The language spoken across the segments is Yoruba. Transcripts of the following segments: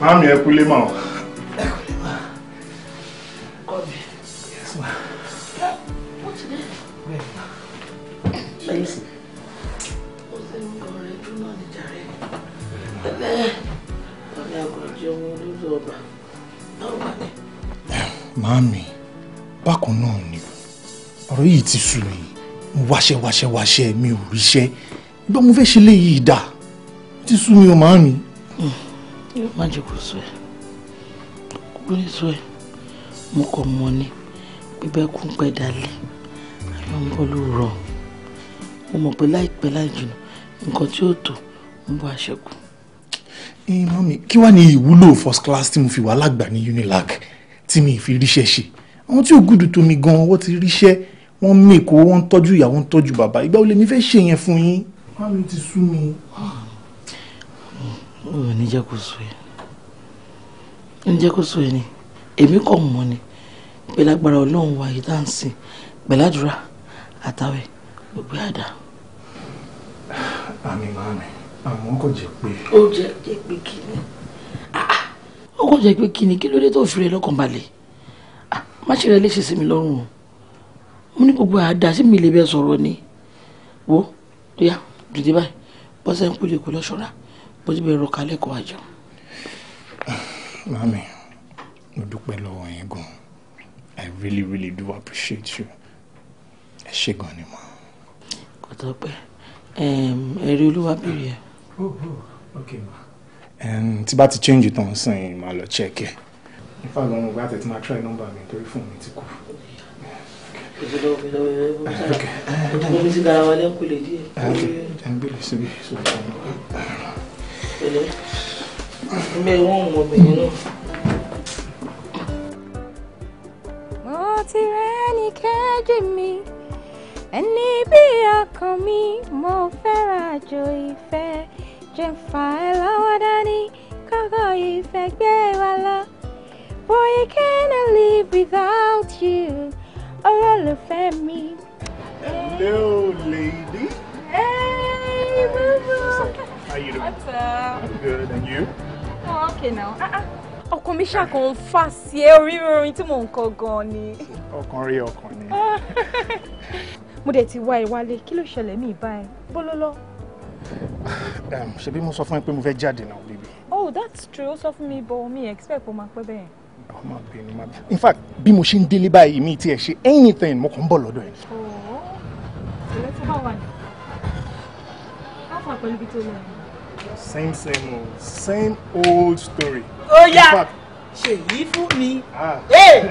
Mami ẹ kúlé mà o. Ẹ kúlé mà. Kọ́bi. Yes ma. Wọ́n ti dé. Bẹ́ẹ̀ ma. Bẹ́ẹ̀ sì. Ó ṣe ń kọ rẹ̀ dún náà níjà rẹ̀. Ẹ̀lẹ́ wọ́n ní Mami, bákan náà ni ọ̀rọ̀ yìí ti sú mi wáṣẹ́ wáṣẹ́ wáṣẹ́ mi ò ríṣẹ́ gbọ́n mo fẹ́ ṣe léyìí dà ti sú mi o màámi. Mm yóò má jẹ́ kó mọ ni bíbẹ́ kún pẹ́ dalẹ̀ ń bọ́ ló rọ̀ mo mọ̀ pé láìpẹ́ láì jìnnà nǹkan tí ó tó ń bọ́ àṣẹkù. ìmọ̀ mi kí wàá ní ìwúlò first class tí mo fi wà lágbà ní unilag tí mi fi ríṣẹ́ ṣe àwọn tí ò gùdù tó mi gan wọ́n ti ríṣẹ́ wọ́n mèkó wọ́n ń tọ́jú ìyàwó ń tọ́jú bàbá ìgbà wo lèmi fẹ́ ṣe yẹn fún yín. wọ́n mi ti sú mi. Ah ò ní jẹ́ kó sọ ẹ́ ní jẹ́ kó sọ ẹ́ ni èmi kọ̀ mọ́ ni pẹ̀lú agbára ọlọ́run wa yìí dáǹsì pẹ̀lú àdúrà àtàwẹ̀ gbogbo àdá. àmì máa mi àmọ́ kò jẹ́ pé. ó jẹ́ jẹ́ pé kí ni ah, ah. ó kò jẹ́ pé kí ni kí ló dé tó fi rẹ lọ́kàn balẹ̀ ah, má ṣe rẹ léṣe sí mi lọ́rùn o mo ní gbogbo àdá sí mi lè bẹ sọ̀rọ̀ ni wo tó yá báyìí bọ́sẹ̀ ń kú lè kó lọ́ṣọ́ra bójú bẹ ro kalẹ̀ kó àjọ. mami mo dúpẹ́ lọ́wọ́ yín gan i really really do appreciate you ẹ ṣé gan ni mo. kò tó pẹ́ ẹ̀rí olúwa bèrè ẹ̀. Oh, oh, okay ma. tí bá ti change tán sìn máa lọ check ẹ. ifá lọ́run gba tẹ̀ tí máa try number mi torí fóònù mi ti kú. Okay. Okay. Okay. Okay. Okay. Okay. Okay. Okay. Okay. Okay. Okay. Okay pẹ̀lẹ́ ẹgbẹ́ wọn mọ obìnrin náà. mo ti rẹ ẹni kejì mi ẹni bí ọkàn mi mo fẹ́ràn àjò ìfẹ́ jẹ́ ń fa ẹ lọ́wọ́ dání kọ́kọ́ ìfẹ́ gbé wa lọ. Boy, I cannot live without you. Olólùfẹ́ mi. Hello, lady. How you doing? What's up? I'm good. And you? Oh, okay now. Uh-uh. Ah, ah. ọkàn mi ṣàkàn ń fà sí ẹ orí orin tí mò ń kọ gan-an ni. ọkàn rí ọkàn ni. Ah. mo dẹ̀ ti wá ẹ wálé kí ló ṣẹlẹ̀ ní ìbá bó ló lọ. ṣebí mo sọ fún ẹ pé mo fẹ́ jáde náà bíbí. oh that's true ó sọ fún mi bọ̀ mi expect kó máa pẹ́ bẹ́ẹ̀. ọmọ oh, bínú máa bí in fact bí mo ṣe ń délé báyìí mi tiẹ̀ ṣe anything mo kàn ń bọ̀ lọ́dọ̀ ẹ̀. ọ̀ọ́ ìrètí bá wà ní. káfà pẹ̀lú ibi tó lọ same same old same old story. ó yá ṣèyí fún mi ah.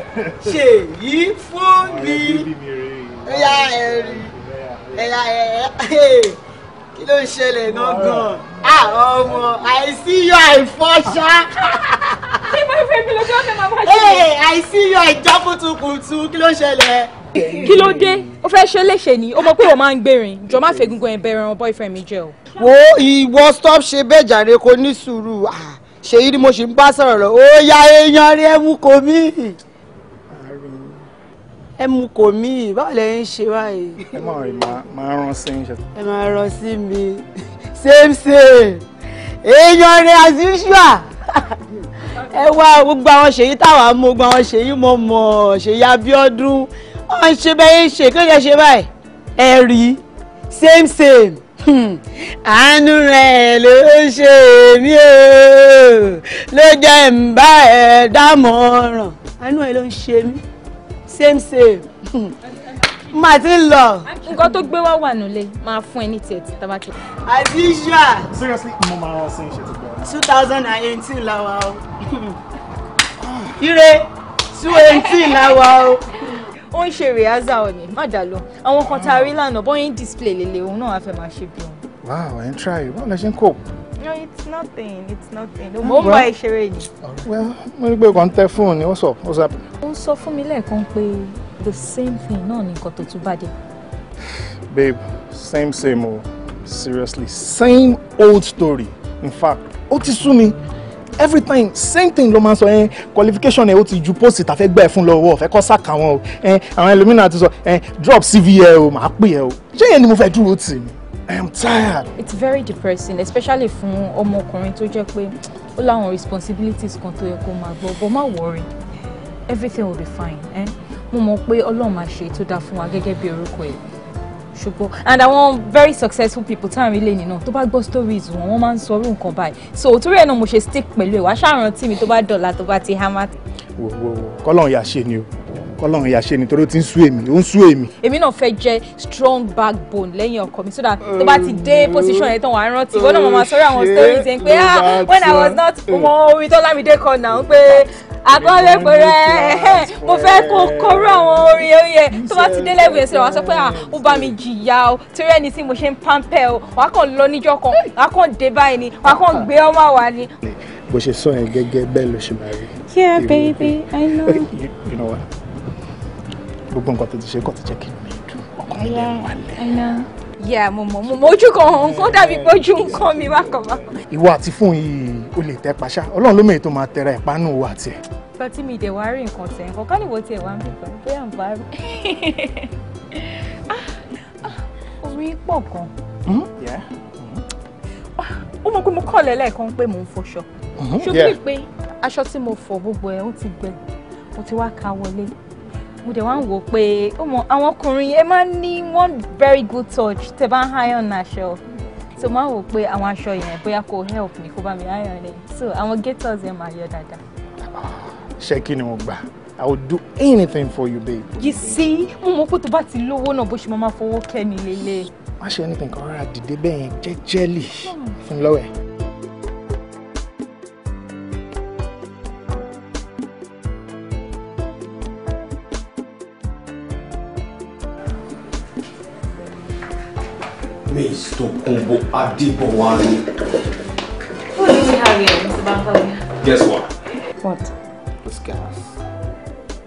ṣèyí fún mi ẹ̀yà ẹ̀rì ẹ̀yà ẹ̀yà kí ló ń ṣẹlẹ̀ gangan Ah, ọmọ I see you àìfọ́ṣá. ṣé mo fẹ́ mi lójú ọ̀sẹ̀ máa wá sí i. I see you I àìjábùtùkùtù kí ló ń ṣẹlẹ̀ kí ló dé o fẹ́ ṣe léṣe ni o mọ̀ pé o máa ń gbèrín jọ má fẹ́ gungun ẹ̀bẹ̀ ẹran boyfriend mi jẹ́ o. wo ìwọ stop ṣe bẹ́ẹ̀ jàre kò ní sùúrù ṣèyí ni mo ṣì ń bá sọ̀rọ̀ lọ ó ya èèyàn rí ẹmu kò mí. ẹmu kò mí báwo lẹ ń ṣe báyìí. ẹ máa rìn máa rán sí mi. ẹ máa rán sí mi same same èèyàn rẹ as usual ẹ wá gbogbo àwọn ṣèyí táwa mọ̀ gbogbo àwọn ṣèyí mọ̀ mọ̀ ṣèyí Abíọ́dún wọ́n ń ṣe bẹ́ẹ̀ ṣe kí ṣe báyìí ẹ̀rí same same hmm. àánú rẹ̀ ló ṣe mí o ló jẹ́ ń bá ẹ̀ dámọ̀ràn àánú ẹ̀ ló ń ṣe mí same same má hmm. ti ń lọ. nǹkan tó gbé wá wà nílé máa fún ẹ ní tiẹ̀ tí tá bá ti. adisha. two thousand and eighteen la wà o. ire two eighteen la wà o ó ń ṣe rìhásà òní má dà lọ àwọn kan tá a rí lánàá bọ́yìn display lélẹ̀ òun náà á fẹ́ máa ṣe bí òun. wow ẹ̀ ń try báwo lẹ ṣe ń kó. no it's nothing it's nothing ah, mo ń bá ìṣeré ni. well mo rí pé kàn ń tẹ fóònù ni what's up what's happening? ó ń sọ fún mi lẹ́ẹ̀kan pé the same thing náà ni nǹkan tó tún bá dé. babe same same o seriously same old story in fact ó ti sú mi every time same thing ló máa ń sọ ẹ eh, qualification ẹ ó ti ju post tàfẹ́ gbà ẹ fún lọ́wọ́ ọ̀fẹ́ kọ́ sàkà wọn o ẹ eh, àwọn ẹlòmíràn ti sọ ẹ eh, drop cv ẹ o màá pè ẹ o ṣé yẹn ni mo fẹ́ dúró tì ní i am tired. it's very depressing especially fún ọmọkùnrin tó jẹ́ pé ó láwọn responsibilities kan tó yẹ kó máa gbọ́ but má worry everything will be fine. Eh? mo mọ̀ pé ọlọ́run máa ṣe tó dáa fún wa gẹ́gẹ́ bí orúkọ ẹ̀ ṣùgbọ́n and àwọn very successful people tá à ń rí lẹ́yìn náà tó bá gbọ́ stories wọn wọ́n máa ń sọ irú báyìí so torí ẹ̀ náà mo ṣe stick pẹ̀lú ẹ̀ wá ṣàrántí mi tó bá dọ̀la tó bá ti hammer. wo wo wo kọ́lọ́run yà ṣe ni o kọ́lọ́run yà ṣe ni torí ó ti ń sú èmi ó ń sú èmi. èmi náà fẹ́ jẹ́ strong backbone lẹ́yìn ọkọ mi so that tó bá ti dé oh, position yẹn tán wàá rántí ìwọ náà mo máa sọ àwọn oh, stories yẹn pé ah when i was not mo orin tó lámìdé kan náà pé àkọọ́lẹ̀ pẹ̀rẹ́ mo fẹ́ kó kóró àwọn orin oyè tó bá ti dé lẹ́wọ̀ ẹ̀sẹ̀ wàá sọ pé ah, ó bá mi jìyà o torí ẹni tí mo ṣe ń pampẹ́ o wàá kàn lọ níjọ́ kan wàá kàn dé báyìí ni wàá kàn gbé ọmọ wa ni. bó ṣe sọ yẹn gẹ́gẹ́ bẹ́ẹ̀ ló ṣe máa rí. yeah baby i know. you know what gbogbo nǹkan tó ti ṣe kọ́ ti jẹ́ kí n mi dùn ọkàn mi lè wà lẹ́yìn yẹ mo mọ mo mọ ojú kan nǹkan dàbí pé ojú nǹkan mi bákanbákan. ìwọ àti fún yìí o lè tẹ paṣá Ọlọ́run ló mẹ́rin tó máa tẹra ìpanu òwò àti ẹ. ìgbà tí mi dẹ̀ wá rí nǹkan tẹ̀ nǹkan ká níwò tiẹ̀ wá ń bìbọn bóyá ń bá rí. Ah, ah, orí pọ̀ gan. Hmm? Hmm. ó mọ̀ pé mo kọ́ lẹ́lẹ́kan pé mò ń fọṣọ hmm, ṣùgbọ́n pé aṣọ tí mo fọ gbogbo ẹ̀ ó ti gbẹ mo ti wá ka wọlé mo dẹ̀ wá ń wò pé àwọn ọkùnrin ẹ máa ń ní one very good touch tẹ bá ń iron aṣọ so máa wò pé àwọn aṣọ yẹn bóyá kò help mi kó bá mi iron ẹ so àwọn gators yẹn máa yọ dáadáa. ṣé kí ni mo gbà i will do anything for you babe. you see mo mọ pé tó bá ti lówó náà bó ṣe máa máa fowó kẹ́ lélẹ̀. má ṣe anything kan rárá dìde bẹ́ẹ̀ yẹn jẹ́jẹ́lì hmm. fún lọ́wọ́ ẹ̀. Miss Tokunbo Adebowale. Who do we have here, Mr. Bankole? Guess what? What? This gas.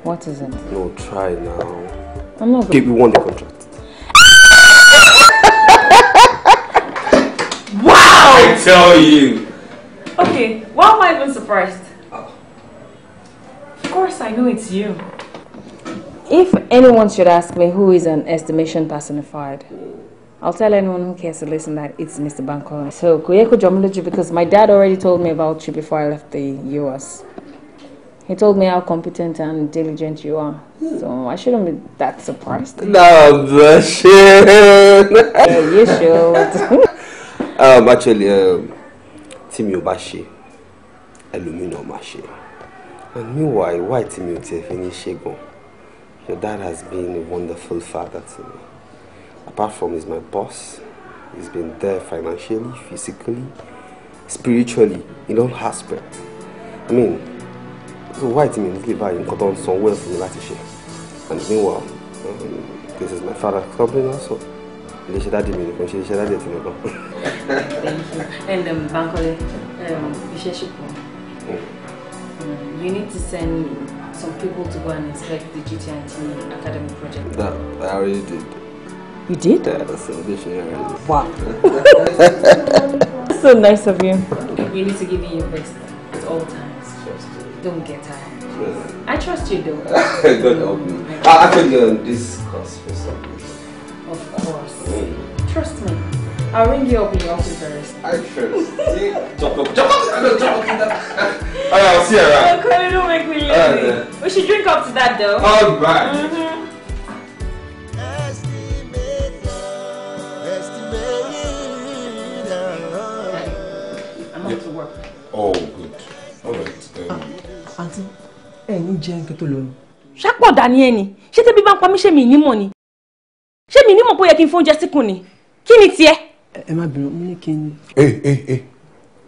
What is it? No, try now. I'm not Baby won the contract. wow! I tell you. Okay, why am I even surprised? Of course I know it's you. If anyone should ask me who is an estimation personified, I'll tell anyone who cares to listen that it's Mr. Banko. So Kuyeko Jomuluchi because my dad already told me about you before I left the US. He told me how competent and diligent you are. So I shouldn't be that surprised. No bullshit. yeah, you should. um, actually, um, Timmy Obashi, Alumino Mashi. And meanwhile, why Timmy Otefe Nishegon? Your dad has been a wonderful father to me. apart from he's my boss he's been there financially physically spiritually in all aspects i mean so why ti mi nílé in Koton somewhere ń san well fún and meanwhile um, this is my father's company also iléeṣẹ́ dáàdì mi nìkan ṣe iléeṣẹ́ dáàdì ẹ̀ tí mo lọ. thank you and um, Bankole um, iṣẹ́ ṣe pọ̀ um, you need to send some people to go and inspect the GTNT academy project. that I already did. You did? Yeah, that's Wow. so nice of you. You need to give me your best at all times. Don't get tired. I trust you though. God help me. I actually on this course for some reason. Of course. Trust me. I'll ring you up in your office first. I trust. up! Jump up, jump up, jump up. Alright, I'll see you around. Oh, don't make me lazy. Right, we should drink up to that though. Alright. Mm -hmm. oúnjẹ kí tó lọ ni. ṣàpọ̀dà ni ẹni ṣé tẹ́bí bá ń pa mí ṣé mi nímọ̀ ni ṣé mi nímọ̀ pé ó yẹ kí n fóúnjẹ síkùn ni kí ni tiẹ̀. ẹ má bínú mo ní kí n. ẹ ẹ ẹ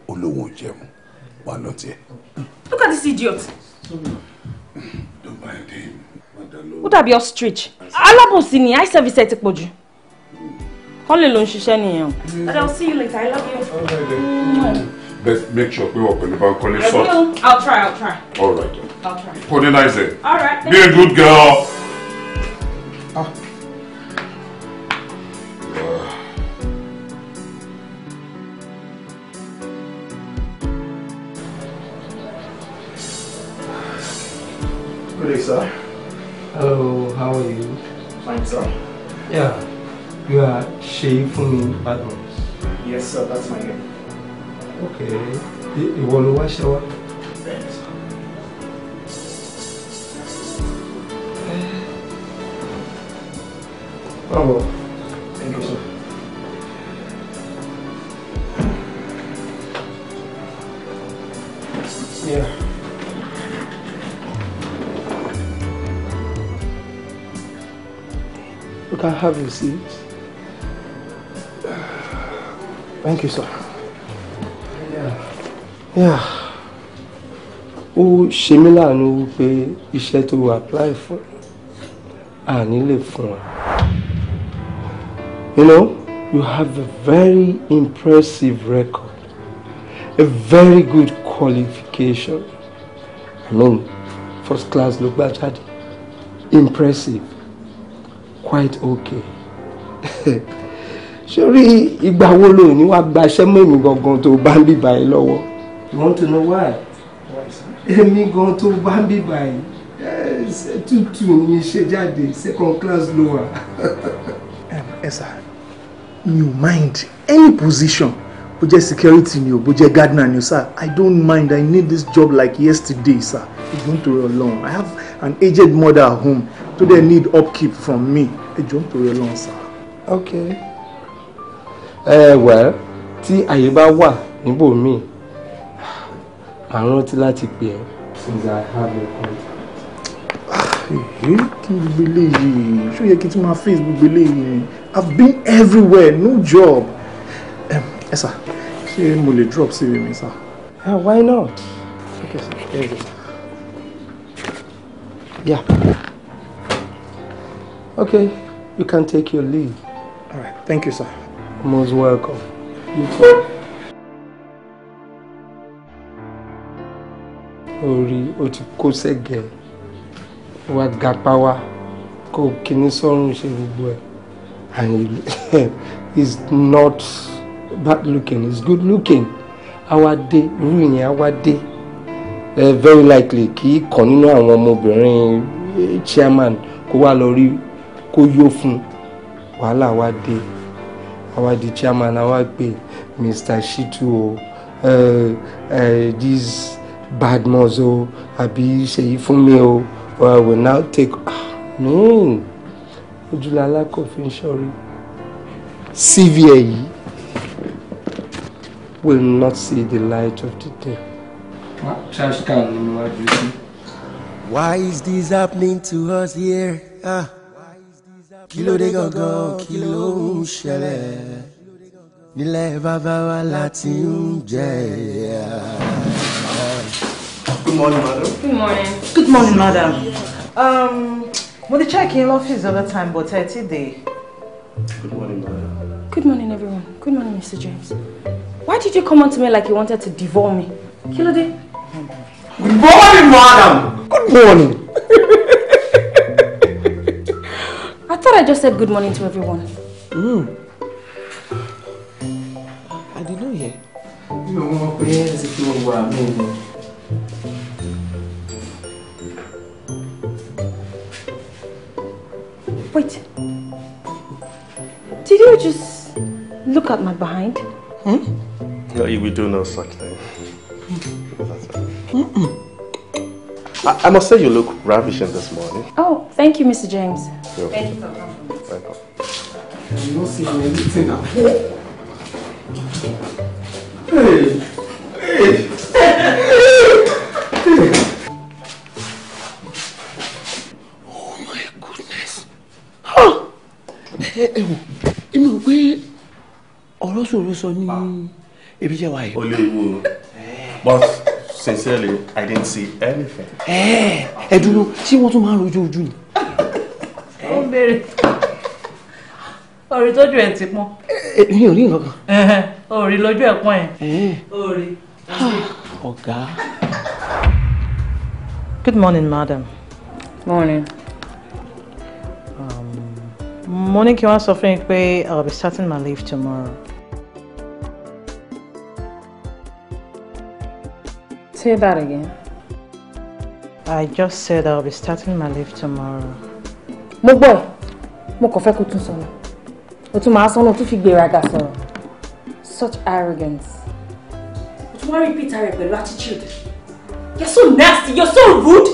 olówó jẹun wà lọ tiẹ. look at this idiot. ó dàbí ostrich alábòsí ni eye service ẹ ti pọ̀ jù kán lè ló ń ṣiṣẹ́ nìyẹn o. I'll see you later I love you. make sure pé ọ̀pẹ̀lẹ̀ bá ń kọ́lé sọ́ọ̀tì. I will I'll try I'll try. all right. I'll try. Organize it. All right. Be a good girl. Ah. Good day, sir. Hello, how are you? Fine, sir. Yeah, you are Sheifumi Badmus. Yes, sir, that's my name. Okay. you want to wash your. Bravo. Thank you, sir. Yeah. You can have your seat. Thank you, sir. Yeah. Yeah. Ó ṣe mí láàánú wípé iṣẹ́ tó apply fún àní lè fún wa. You know, you have a very impressive record, a very good qualification. I mean, first class look, gbà jáde. Impressive. Quite okay. Surely, ìgbà wo lo ní wàá gba iṣẹ́ mọ́ èmi gangan tó bá ń bíbà You want to know why? Èmi gan tó bá ń bíbà yìí tútù ní second class lower. Ẹ sà mi ò mind any position bó security ni o bó gardener ni o sir i don't mind i need this job like yesterday sir ẹjọ́ nítorí ọlọ́run i have an aged mother at home so they need upkeep from me ẹjọ́ nítorí ọlọ́run sir. okay ẹ uh, well tí àyè bá wà níbò míì màá rántí láti pè ẹ́ since i have your contact. Ah, kí n gbogbo eléyìí ṣó yẹ kí n tún máa face gbogbo eléyìí I've been everywhere, no job. Um, yes, sir. Ṣé mo lè drop sí mi, sir? Yeah, why not? Okay, sir. Here it is. Yeah. Okay, you can take your leave. All right, thank you, sir. Most welcome. You too. Orí o ti kó sẹ́gẹ̀ẹ́, wá gàpá wá, kó kíní and he he's not bad looking he's good looking awade irú yẹn awade very likely he í kàn nínú àwọn eh, chairman kó wá lọ rí kó yó fún wàhálà awade awade chairman awagbe mr shitu o uh, uh, this badmus o àbí ṣèyí fún mi o i will now take ah, no ojúlá alákọ̀ọ́fin sọ́rí sífìẹ̀ yìí will not see the light of the day. trash can ni mo wá ju sí. Why is this happening to us here? Ah. Kí ló dé gangan, kí ló ń ṣẹlẹ̀? Nílẹ̀ bàbá wa láti ń jẹ ẹ̀yà. Good morning, madam. Good morning. Good morning, madam. Um, Mo dey check in office all the time, but ẹ ti Good morning, madam. Good morning, everyone. Good morning, Mr. James. Why did you come on to me like you wanted to devour me? Kí Good morning, madam. Good morning. I thought I just said good morning to everyone. Mm. I didn't know yet. You know, my prayers, if Wait. Did you just look at my behind? Hmm? No, we do no such thing. Mm -mm. I, I must say you look ravishing this morning. Oh, thank you, Mr. James. thank you for coming. Welcome. You don't see anything now. Hey! Hey! ẹ wò inú pé ọ̀rọ̀ sọ̀rọ̀ sọ ní ebi jẹ́ wa yìí. o lè wo but sincerely i didn't see anything. ẹ ẹ dúró ṣé wọ́n tún máa ń rojú ojú ni. ó ń béèrè orí tójú ẹ ti pọ́n. mi ò rí nǹkan. orí lójú ẹ pọ́n ẹ. orí. ọ̀gá. good morning madam. morning. Morning, ní kí I'll be starting my leave tomorrow. Say that again. I just said I'll be starting my leave tomorrow. Mo boy. ẹ̀, mo kàn fẹ́ kó tún sọnù. O tún máa sọnù, o tún fi Such arrogance. O tún wá repeat ara rẹ̀ pẹ̀lú You're so nasty, you're so rude.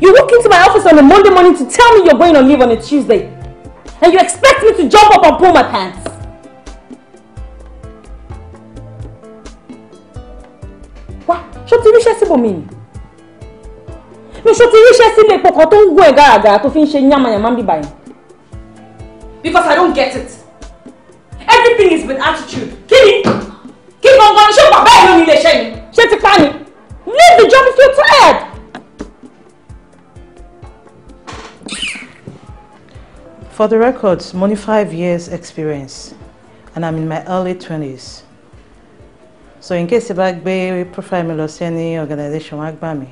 You walk into my office on a Monday morning to tell me you're going on leave on a Tuesday and you expect me to jump up and pull my pants. Wá ṣó ti ríṣẹ́ síbòmí ni? Mi ṣó ti ríṣẹ́ sílé epo kan tó ń gún ẹ̀ gàràgàrà tó fi ń ṣe yánmayànmá bíbá yẹn. Because I don't get it. Everything is with attitude. Kí ni? Kí gangan ni ṣé bàbá ẹ̀ ló ní ilé iṣẹ́ ni? Ṣé ti pa ni? Leave the job if you're tired. For the records, only five years experience and I'm in my early 20s. So in case ẹ bá gbé profile me lọ sí any organization wá gbà mí.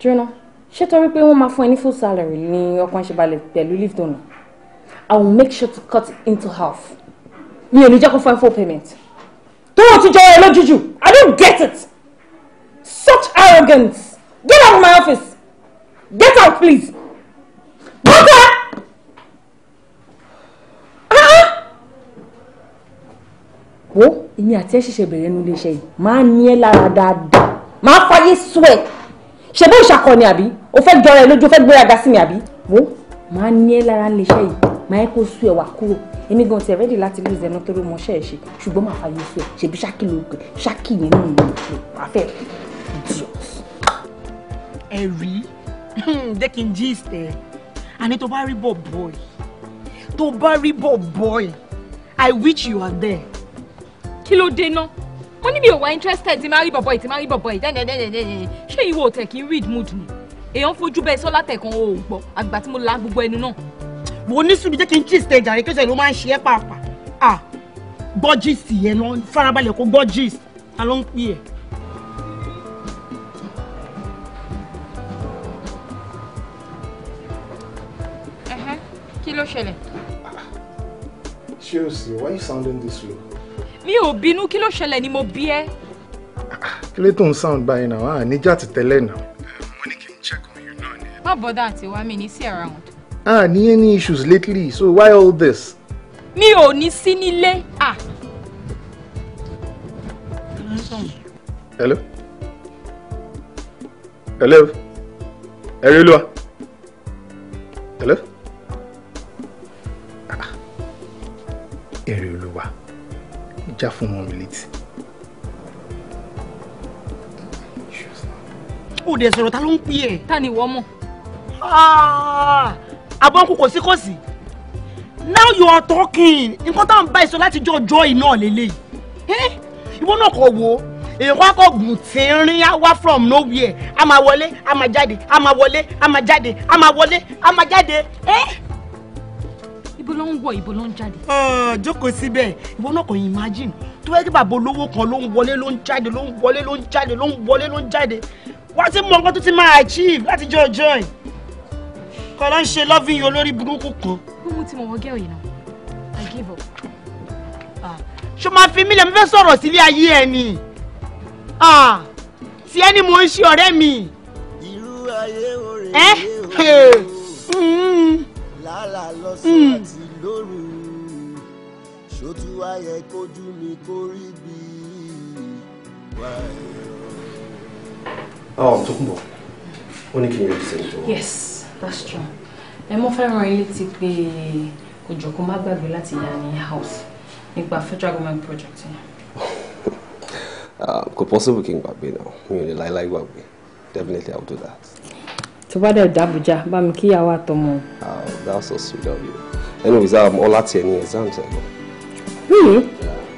Jóná, ṣé torí pé wọ́n máa fún ẹ ní full salary ni ọkàn ṣe balẹ̀ pẹ̀lú leave dọ̀nà? I will make sure to cut it into half. Mi ò ní jẹ́ kó fún ẹ full payment. Tóró ti jọ ẹ juju. I don't get it. Such arrogance. Get out of my office. Get out please. wo èmi àti ẹ ṣẹ̀ṣẹ̀ bẹ̀rẹ̀ nínú iléeṣẹ́ yìí máa ní ẹ lára dáadáa máa fàyè sùn ẹ ṣe bó ṣàkọ ni àbí o fẹ́ jọra ẹ lójú o fẹ́ gbéra ga sí mi àbí wo máa ní ẹ lára iléeṣẹ́ yìí máa kó sùn ẹ wà kúrò èmi gan ti rẹ́dì láti lóòzẹ̀ náà tó ló mọṣẹ́ ẹ̀ ṣe ṣùgbọ́n máa fàyè sùn ẹ ṣèbí ṣákì ló gbé ṣákì yẹn náà ló ṣe àfẹ́ idiot. ẹ rí hmm, jẹ́ kí n gist ẹ̀ àní tó bá rí bọ̀ bọ̀ yìí tó bá rí bọ̀ bọ̀ yìí I wish you were there kí ló dé ná mo ní mi ò wá interested ti máa rí bọ̀bọ̀ yìí ti máa rí bọ̀bọ̀ yìí dẹ́nẹ́dẹ́nẹ́dẹ́nẹ́ ṣé ìwọ òtẹ̀ kí n read mood ni èèyàn fojú bẹ́ẹ̀ sọ́lá tẹ̀kan o ò gbọ́ àgbà tí mo la gbogbo ẹnu náà. wo ní sùn mi jẹ́ kí n jíìsì tẹ̀jà rẹ̀ kẹ́sẹ̀ ló máa ń ṣe é pàápàá gbọ́ jíìsì yẹn náà farabalẹ̀ kó gbọ́ jíìsì ta ló ń pè é. kí ló ṣẹlẹ̀. Chelsea, why you sounding this low? mi ò bínú kí ló ṣẹlẹ̀ ni mo bí ẹ́. kí ló tó ń sound báyìí náà a ah, níjà ti tẹ́lẹ̀ náà. mo ní kí n check on you náà ni. má bọ́dà àti wá mi ní sí around. a ah, ní any issues lately so why all this. mi ò ní sí nílé. Ah. hello hello ẹ̀rí ló wà. Abuja for one minute. ó dẹ̀ sọ̀rọ̀ ta ló ń pí ẹ̀. ta ni ìwọ mọ̀. Ah, àbọ̀nkù kò sí kò sí. now you are talking nǹkan tá à ń bá ìsọ láti jọ ọjọ́ iná lélẹ́yìí. ìwọ náà kò wo èèyàn kò kò gùn tí ń rin wá from nowhere a máa wọlé a máa jáde a máa wọlé a máa jáde a máa wọlé a máa jáde. Eh? ló ń wọ ìbò ló ń jáde. jókòó síbẹ̀ ìwọ náà kò imagine tó yẹ kí bàbá olówó kan ló ń wọlé ló ń jáde ló ń wọlé ló ń jáde ló ń wọlé ló ń jáde wá ti mọ nǹkan tó ti máa achieve láti jọ ọjọ́ ẹ̀ kọ́ ló ń ṣe lọ́fíìn olórí burúkú kan. bí mo ti mọ̀ wọ́n gẹ́ òyìnbó I give up. Ah. ṣó máa fi mílíọ̀nù fẹ́ sọ̀rọ̀ sílé ayé ẹ̀ ni ah. tí ẹni mò ń ṣe ọ̀rẹ́ mi. irú ayé oore ẹ. Eh? Eh. Mm-hmm. lálàá lọ sí àti lóru ṣòtú ayẹ kojú mi kó rí bí wà ẹ̀rọ. ọ oh, Tókunbọ̀ ó ní kí n yọjú sẹ́yìn tó. yes that's true ẹ mọ fẹ́ràn ilé ti pé kò jọ kó má gbàgbé láti yà ní house nípa federal government project yẹn. Ah, kò possible kí n gbàgbé náà mi ò lè láéláé gbàgbé definitely I will do that. tó bá dẹ̀ dàbújá bá mi kíyàwó àtọmọ. Ah, that's so sweet of you anyways um, ọlá tiẹ̀ ní exams ẹ̀ lọ. really hmm.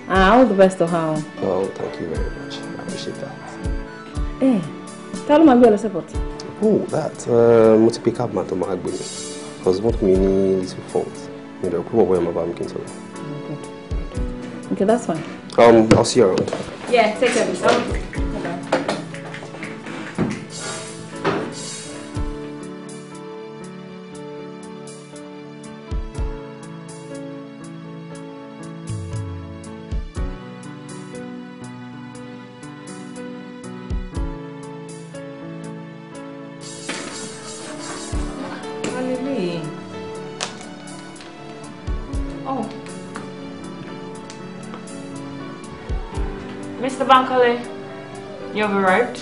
ah all the best to her. oh thank you very much i appreciate that. ẹ eh, ta ló máa gbé ọ lọ airport. oh that uh, mo ti pick up ma tó máa gbé mi husband mi ní little fault mi lè pé bọ̀bọ̀ yẹn máa bá mi kí n sọ̀rọ̀. okay that's fine. Um, I'll see you around. Yeah, take care of yourself. You have arrived?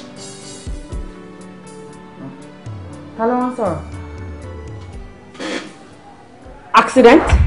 Hello, sir. Accident?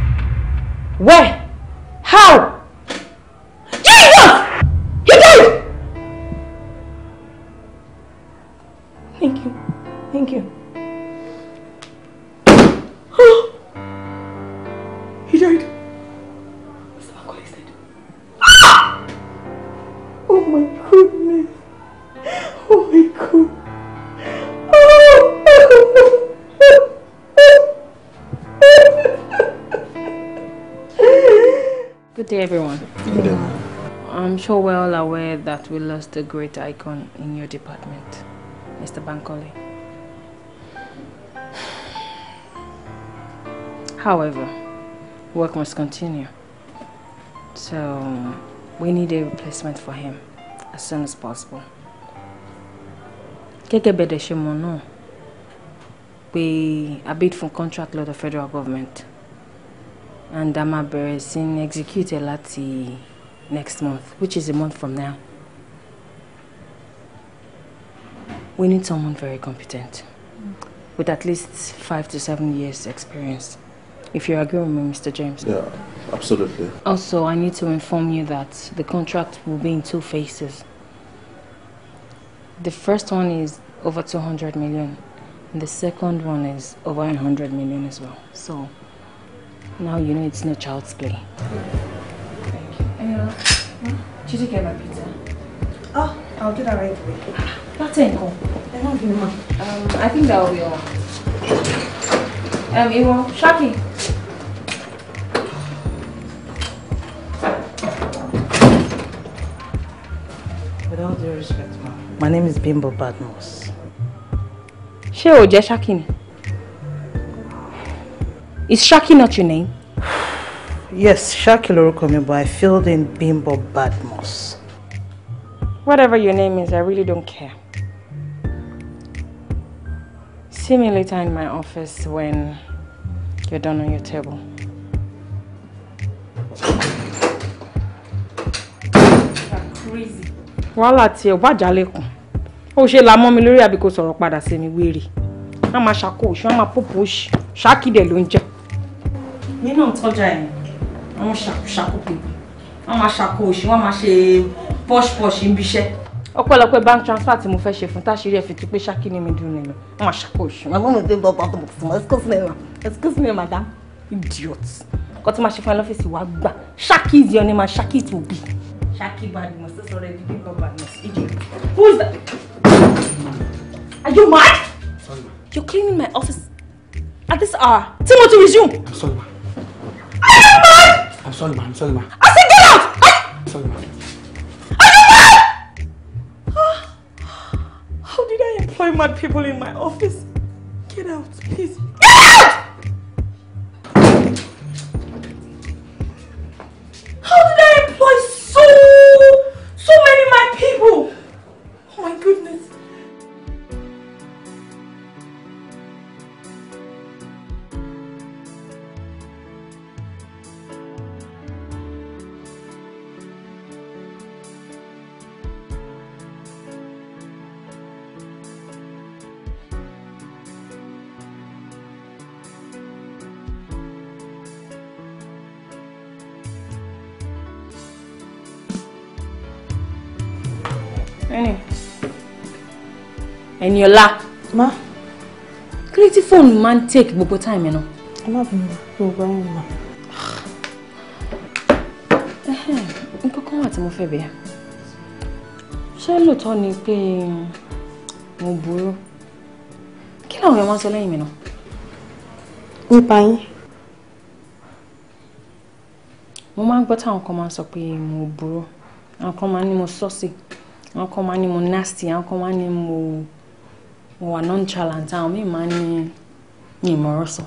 that we lost a great icon in your department, Mr. Bankole. However, work must continue. So, we need a replacement for him as soon as possible. Keke bẹ̀dẹ̀ ṣe We náà bid for contract the federal government and Dama máa bẹ̀rẹ̀ sí láti next month which is a month from now. We need someone very competent with at least five to seven years experience. If you agree with me, Mr. James. Yeah, absolutely. Also, I need to inform you that the contract will be in two phases. The first one is over 200 million, and the second one is over 100 million as well. So now you know it's no child's play. Thank you. Anyone? Did you get my pizza? Oh, I'll do that right away. Látẹ̀ nǹkan. Ẹ má bínú mà. Um, I think that will be all. Um, Ìwọ, Ṣákì. Without due respect, ma'am. My name is Bimbo Badmus. She o just Ṣákì Is Shaki not your name? Yes, Shaki lorúkọ but I filled in Bimbo Badmus. Whatever your name is, I really don't care. See me later in my office when you're done on your table. Crazy. Wàhálà tiẹ̀ wá jálẹ̀kùn. Ó ṣe la mọ́ mi lórí àbí kò sọ̀rọ̀ padà sí mi wéèrè. Wọ́n máa ṣàkó òṣù, wọ́n máa pòpò òṣù. Ṣákìdẹ̀ ló ń jẹ́. Mi náà tọ́jà Wọ́n ṣàkó Wọ́n máa ṣàkó òṣù, wọ́n máa ṣe pọ́ṣpọ́ṣ níbi iṣẹ́ ọpẹ́lọpẹ́ bank transfer tí mo fẹ́ ṣe fún táṣírí ẹ fi ti pé ṣákí ni mi dùn nínú wọn àṣàkóso ẹ mọ̀mọ́ ìdí bọ́ọ̀ bọ́ọ̀ bọ́ọ̀ excuse me ma. excuse me madam idiot kọ́ tí máa ṣe fún ẹ lọ́fíìsì wàá gbà ṣákí ìdí ọ ni máa ṣákí ìtò bì. ṣákí badmus this already become badmus idiot who is that are you mad sorry, ma you're cleaning my office at this hour tí mo ti resume. i'm sorry ma. are you mad. i'm sorry ma i'm sorry ma. i said get out. i'm sorry ma. for mad people in my office. Get out, please. Get out! How did I employ so, so many mad people? Oh my goodness. Ẹniọlá. Má. Kí ló ti fóònù máa ń take gbogbo táìmì náà? Ẹ má bínú tó bá yẹn mọ̀. Nǹkan kan wà tí mo fẹ́ bẹ̀ẹ́. Ṣé lóòótọ́ ni pé mm, mo burú? Kí làwọn èèyàn máa ń sọ lẹ́yìn mi náà? Nípa yín. Mo máa ń gbọ́ táwọn kan máa ń sọ pé mo burú. Àwọn kan máa ń ní mo sọ́ọ̀sì. Àwọn kan máa ń ní mo nasty. Àwọn kan máa ń ní mo mo nonchalant àwọn míì máa ń ní ní ìmọ̀ràn sọ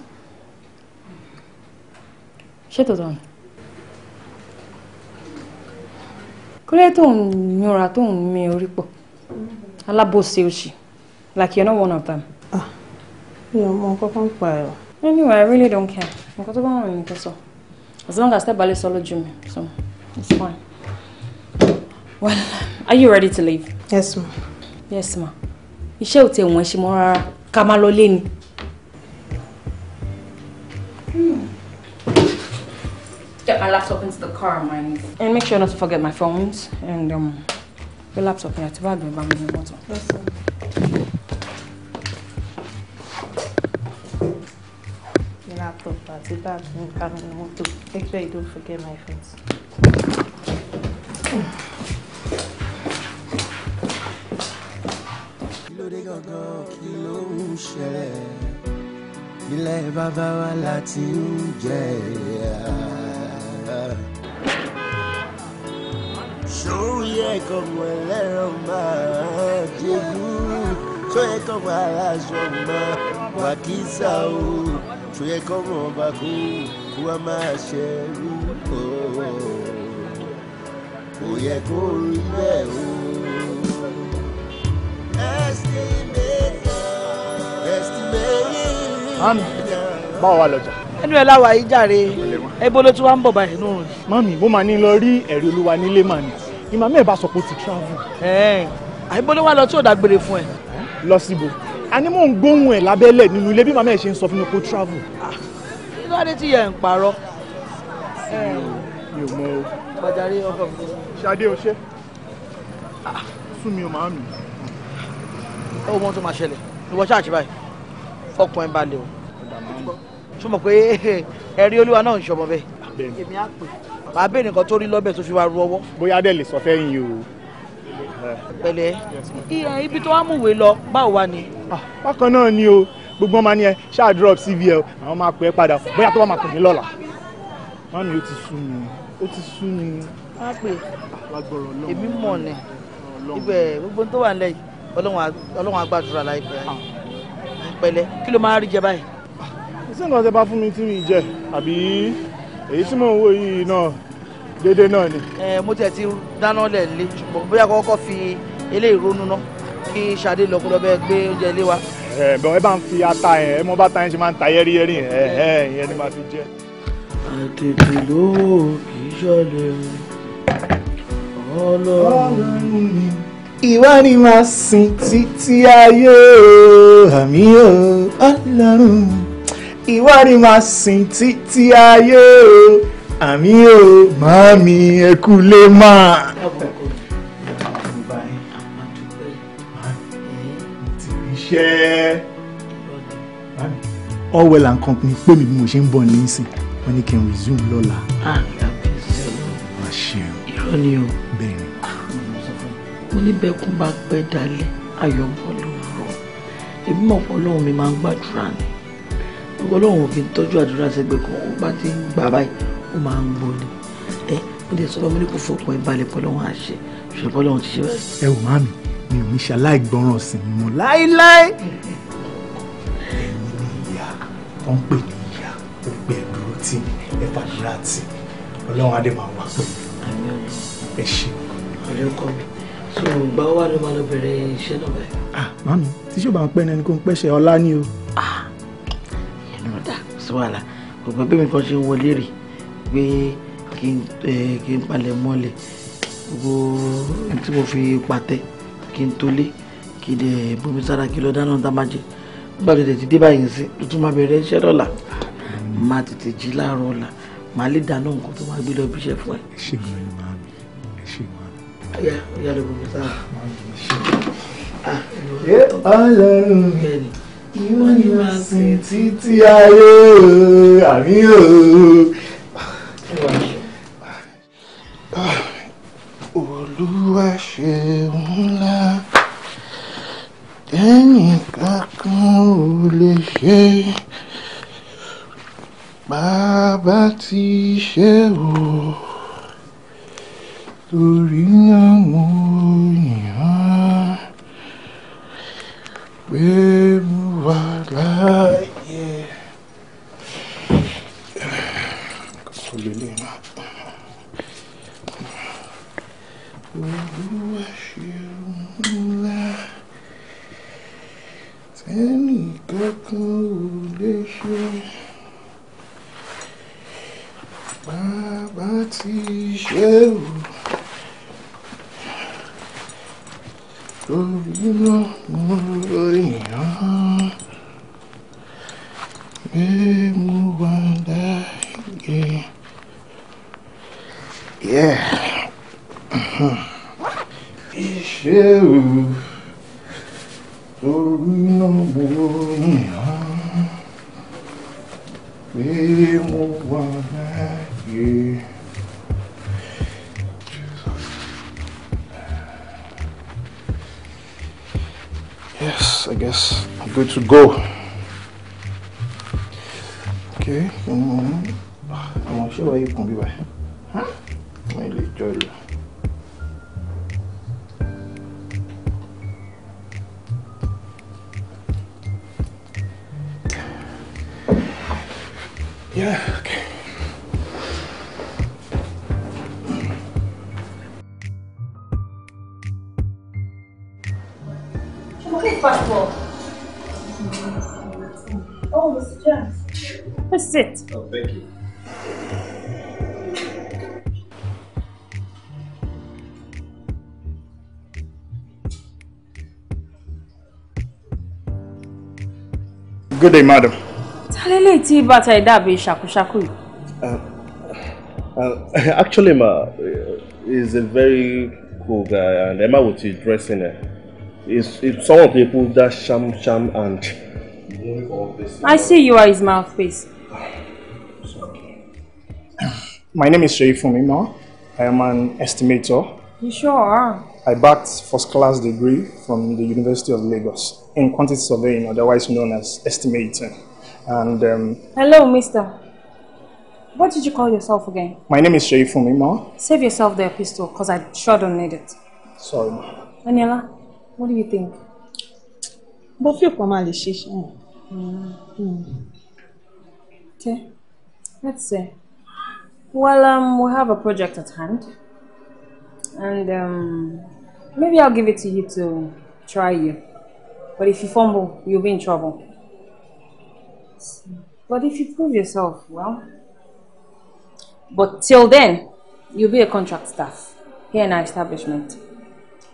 ṣé tòótọ́ ni kúlẹ̀ tó ń yanra tó ń mi orí like you're not one of them. ah mi ò mọ kan pa ẹ̀ anyway I really don't care nǹkan tó bá wọn ní nǹkan sọ as long as tẹ́ balẹ̀ sọ lójú so it's fine. well are you ready to leave. yes ma. yes ma iṣẹ́ ò tẹ̀ wọ́n ṣe mọ́ rárá ká má lọ lé ni. Get my laptop into the car, mind. And make sure not to forget my phones and um, your laptop here. To bag my bag in laptop, the bag, and the car Make sure you don't forget my phones. lóde gangan kí ló ń ṣẹlẹ̀ ilẹ̀ bàbá wa láti ń jẹ sóòyẹ kọmọ ẹlẹ́ran máa jẹ́gùn sóòyẹ kọmọ aláṣọ máa wàkísà o sóòyẹ kọmọ ọba kú kú wa máa ṣẹrú o kò yẹ kó rí bẹ́ẹ̀ o mami báwo wà lọ́jà. ẹnu ẹ láwa yìí jàre ẹgbẹ́ ló tún wá ń bọ̀ báyìí nù. mami mo máa ní lọ rí ẹ̀rí olúwa nílé màmí ìmọ̀ bá sọ pé ó ti travel. àìbóló wà lọ tí ò dágbére fún ẹ. lọ síbo a ní mò ń gbóhùn ẹ̀ lábẹ́lẹ̀ nínú ilé bí màmá ẹ̀ ṣe ń sọ fún mi pé travel. Ah, kí ló dé tí yẹ ń parọ́. mi ò mọ o. bàjáde ọkọ mi. ṣadé o ṣe. Ah, sún mi o màmí ẹ wo ohun tó máa ṣẹlẹ̀ ìwọ ṣáà ṣe báyìí fọkàn ẹ balẹ̀ o tó mọ̀ pé ẹ rí olúwa náà ń ṣọmọ bẹ́ẹ̀ èmi á pè bàbá bẹ́ẹ̀ nìkan tó rí lọ́bẹ̀ tó fi wá ru ọwọ́. bóyá dẹ̀ lè sọ fẹ́yìn yìí o. pẹ̀lẹ́ ibi tó wá múwèé lọ báwo wá ni. Ah, bákan náà ni o gbogbo ọmọ ni ẹ ṣáà drop cvl àwọn máa pè é padà bóyá tó bá máa pè mí lọ́la. má mi ó ti sú mi ó ti sú mi. má pè é èmi mọ̀ ni ibẹ̀ gbogbo tó wà lẹ́yìn ọlọ́run àgbàdúrà láìpẹ́ ah. pẹ̀lẹ́ kí ló máa rí jẹ báyìí. sí nǹkan tẹ bá fún mi tí mi jẹ àbí èyí tí mò ń wò yìí náà déédéé náà ni. ẹ mo tẹ̀ ti dáná lẹ̀ lé ṣùgbọ́n bóyá kọ́kọ́ fi eléyìí ronú ná kí Ṣadé lọ́kùn lọ́bẹ̀ gbé oúnjẹ lé wa. ẹ bọ ẹ bá ń fi ata yẹn ẹ mọ bá ta yẹn ṣe máa ń ta yẹ́rìyẹ́rì yẹn ẹ ẹ ìyẹn ni màá fi jẹ. ọlọ́run ni ìwà ni màá sìn títí ayé àmì o ọlọ́run ìwà ni màá sìn títí ayé àmì o màámi máa. iṣẹ́ Orwell and company pé mi bí mo ṣe ń bọ̀ nísìn wọ́n ní kí n resume lọ́la. ah ìyá ṣe o. irọ́ o mo ní bẹ́kún bá pẹ́ dalẹ̀ ayọ̀ mọ́ lòrọ̀ èmi mọ̀ pé ọlọ́run mi máa ń gbàdúrà ni ọlọ́run ò fi ń tọ́jú àdúrà sẹ́gbẹ̀ẹ́ kan ó bá ti ń gbà báyìí ó máa ń gbó ni ẹ mo dẹ̀ sọ fún mi ní kò fọpọ̀ ẹ balẹ̀ pọ̀ lọ́wọ́ àṣẹ ṣùgbọ́n ọlọ́run ti ṣe bẹ́ẹ̀. ẹ wò mami mi ò ní ṣe aláìgbọràn sí mi mọ́ láéláé. ìyá ní ìyá ó ẹ ṣeun. ọ̀rẹ́ ọkọ mi so ìgbà wà ló máa lọ bẹ̀rẹ̀ iṣẹ́ náà báyìí. ah màmí tí ṣé o bá ń pẹ́ ní ẹni kó ń pẹ́ṣẹ̀ ọlá ni o. ah ìyẹn náà dà sí wàhálà gbogbo bí mi kan ṣe wọlé rè pé kí n kí n palẹ̀ mọ́lẹ̀ gbogbo tí mo fi pàtẹ kí n tó lé kí n dẹ̀ bomi sára kí lọ dáná dá máa jẹ nígbà tó tètè dé báyìí sí tó tún máa bẹ̀rẹ̀ iṣẹ́ lọ́la máa tètè jí láàárọ̀ ọ̀la màá lè dáná nǹkan tó máa gbé lọ bí iṣẹ́ fún ẹ. ẹ ṣe mọ ẹ ṣe mọ ọ̀yà ọ̀yà ló gbogbo sáà. ọlọ́run mi ìwọ ni màá sìn títí ayé àmì ooo. Olúwa ṣe ńlá ẹnìkan kan ò lè ṣe bàbá ti ṣe o torí náà mo yàn án pé mo wà láàyè. Olúwa ṣeun ńlá sẹ́ni kankan ò lè ṣe. ti ṣe Yeah. Iṣẹ́ òru orí náà mo yàn pé mo wà I guess I'm good to go. Okay, um, I'm sure you can be by. Huh? My little Good day, madam. Talele tí bàtà ẹ̀ dàbí ṣàkúṣàkú yìí. Actually, ma, is a very cool guy and Emma with his dressing it. It's, it's someone people that sham sham and. I see you are his mouthpiece. My name is Sheifumi Ma. I am an estimator. You sure are. I backed first class degree from the University of Lagos in quantity surveying, otherwise known as estimating. And um, Hello, mister. What did you call yourself again? My name is Sheifumi Ma. Save yourself the pistol, because I sure don't need it. Sorry, ma. Daniela, what do you think? Both you come out Okay, let's see. Well, um, we have a project at hand. And um, Maybe I'll give it to you to try you. But if you fumble, you'll be in trouble. But if you prove yourself, well. But till then, you'll be a contract staff here in our establishment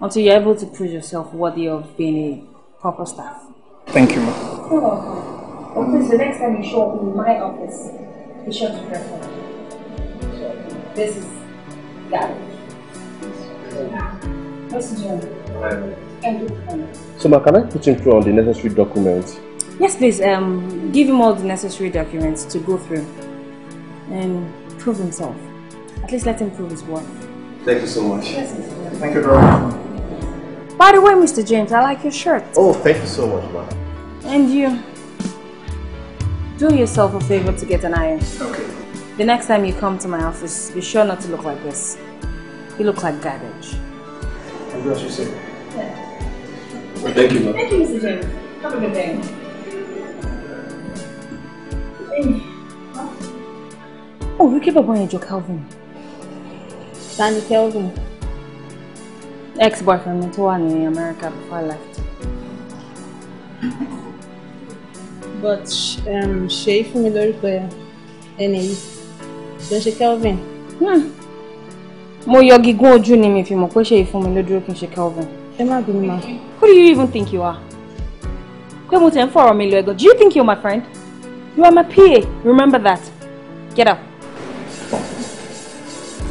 until you're able to prove yourself worthy of being a proper staff. Thank you, ma'am. You're welcome. But please, the next time you show up in my office, be sure to refer. This is garbage so, Ma, can I put him through on the necessary documents? Yes, please. Um, give him all the necessary documents to go through and prove himself. At least let him prove his worth. Thank you so much. Yes, thank you very much. By the way, Mr. James, I like your shirt. Oh, thank you so much, Ma. And you. Do yourself a favor to get an iron. Okay. The next time you come to my office, be sure not to look like this. You look like garbage grocery store. Yeah. Well, thank you, ma'am. Thank you, Mr. James. Have a good day. Oh, look at Baba Angel Calvin. Sandy Kelvin. Ex-boyfriend mi tó wà ní America before I left. But um, ṣe é fún mi lórúkọ ẹni yìí. Ṣé ṣe Kelvin? Hmm. mo yọ gígùn ojú ni mi fi mọ̀ pé ṣe ìfún mi ló dúró ṣe Kelvin. ẹ má bínú ma. who do you even think you are? pé mo tẹ̀ ń fọ̀rọ̀ mi lọ ẹ̀gàn do you think you're my friend? you are my PA remember that get up.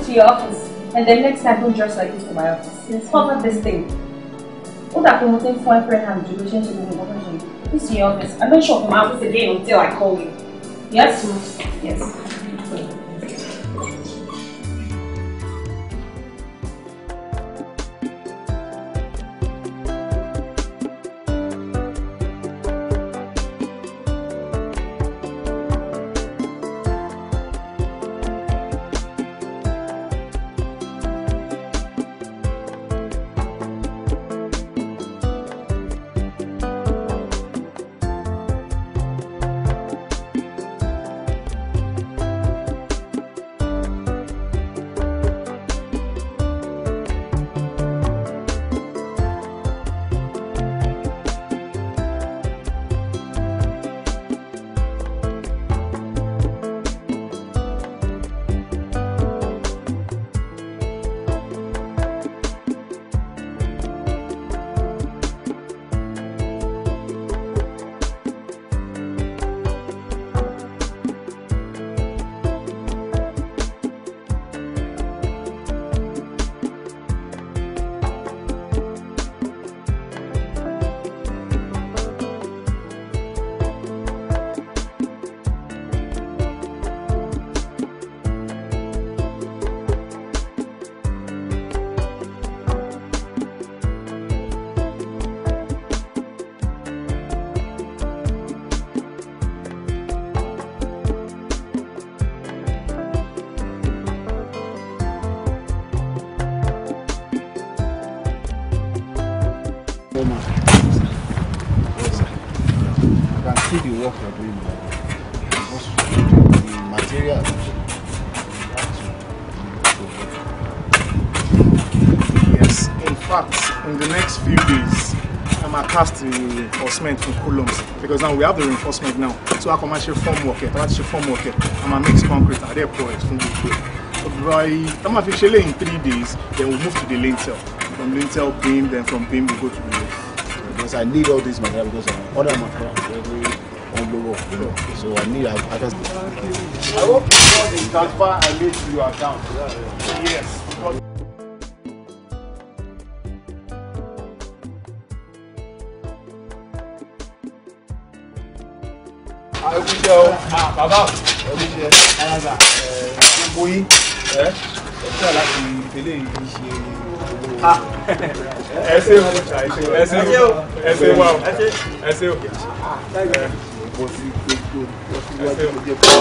to your office and then next time don't dress like this for my office. yes cover this thing. ó dà pé mo ti ń fún ẹ friend hand ju ló ṣe ń ṣe gbogbo bọ́tọ̀ ṣe. this is your office I'm not sure for my office again until I call you. yes. yes. reinforcement in columns because now we have the reinforcement now so I kò máa ṣe form work ẹ̀ tá a bá form work ẹ̀ a máa mix concrete àdé ẹ̀pọ̀ ẹ̀ fún gbogbo ẹ̀ by I'm officially in three days then we we'll move to the lintel from lintel beam then from beam we we'll go to the roof. because I need all this material because I'm other material very on the work so I need I, I just. Okay. I hope you know the transfer I made to your account. Yeah, yeah. Yes. ẹkú o bàbá ẹkú alága eh, gbogbo yín eh, ẹ ṣe láti eléyìí ṣe ah. ẹ ṣe o ẹ ṣe o ẹ ṣe wa o ẹ ṣe o bó ti gbogbo bó ti wájú ló jẹ kó.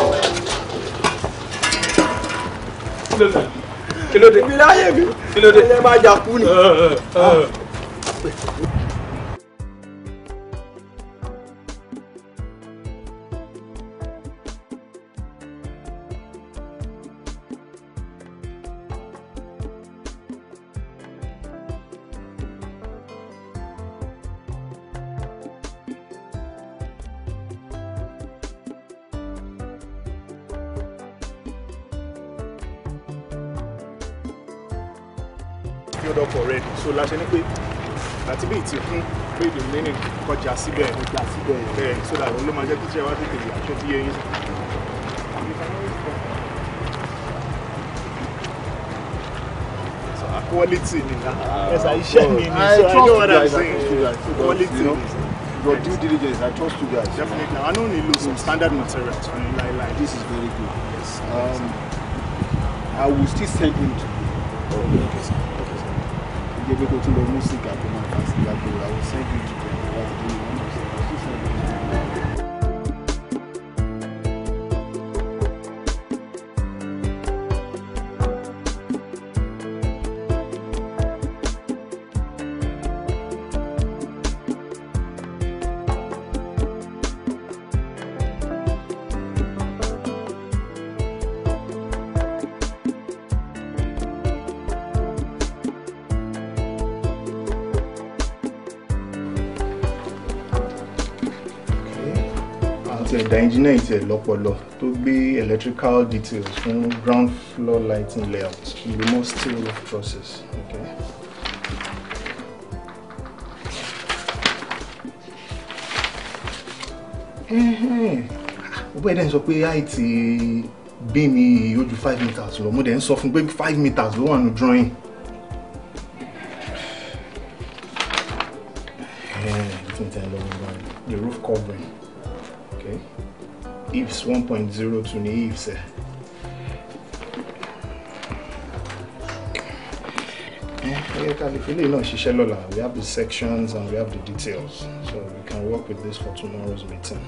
kí ló dé kí ló dé kí ló dé ẹ máa jà kú ni. Eh, ah. tí ẹ wá tètè wò aṣọ bí eyín sàn. Quality ni na. Yes, I share me. So I, know what I'm saying. Quality. You know? your due diligence. I trust you guys. Definitely. I know you lose some standard material. Like, like this is very good. Yes. Um, I will still send him to you. okay, sir. Okay, sir. If you go to the music, I will send you to ti ẹ̀dá engineer ti ẹ̀ lọ́pọlọ tó gbé electrical details fún ground floor lighting layout in the most still process. Okay. ó bẹ́ẹ̀ dẹ́ ń sọ pé height bí mi yóò ju five meters lọ mo dẹ̀ ń sọ fún pé five meters ló wà nù drawing. 1.02 ní ìfẹ́. Here Caliphilia náà ṣiṣẹ́ lọ́la. We have the sections and we have the details. So we can work with this for tomorrow's meeting.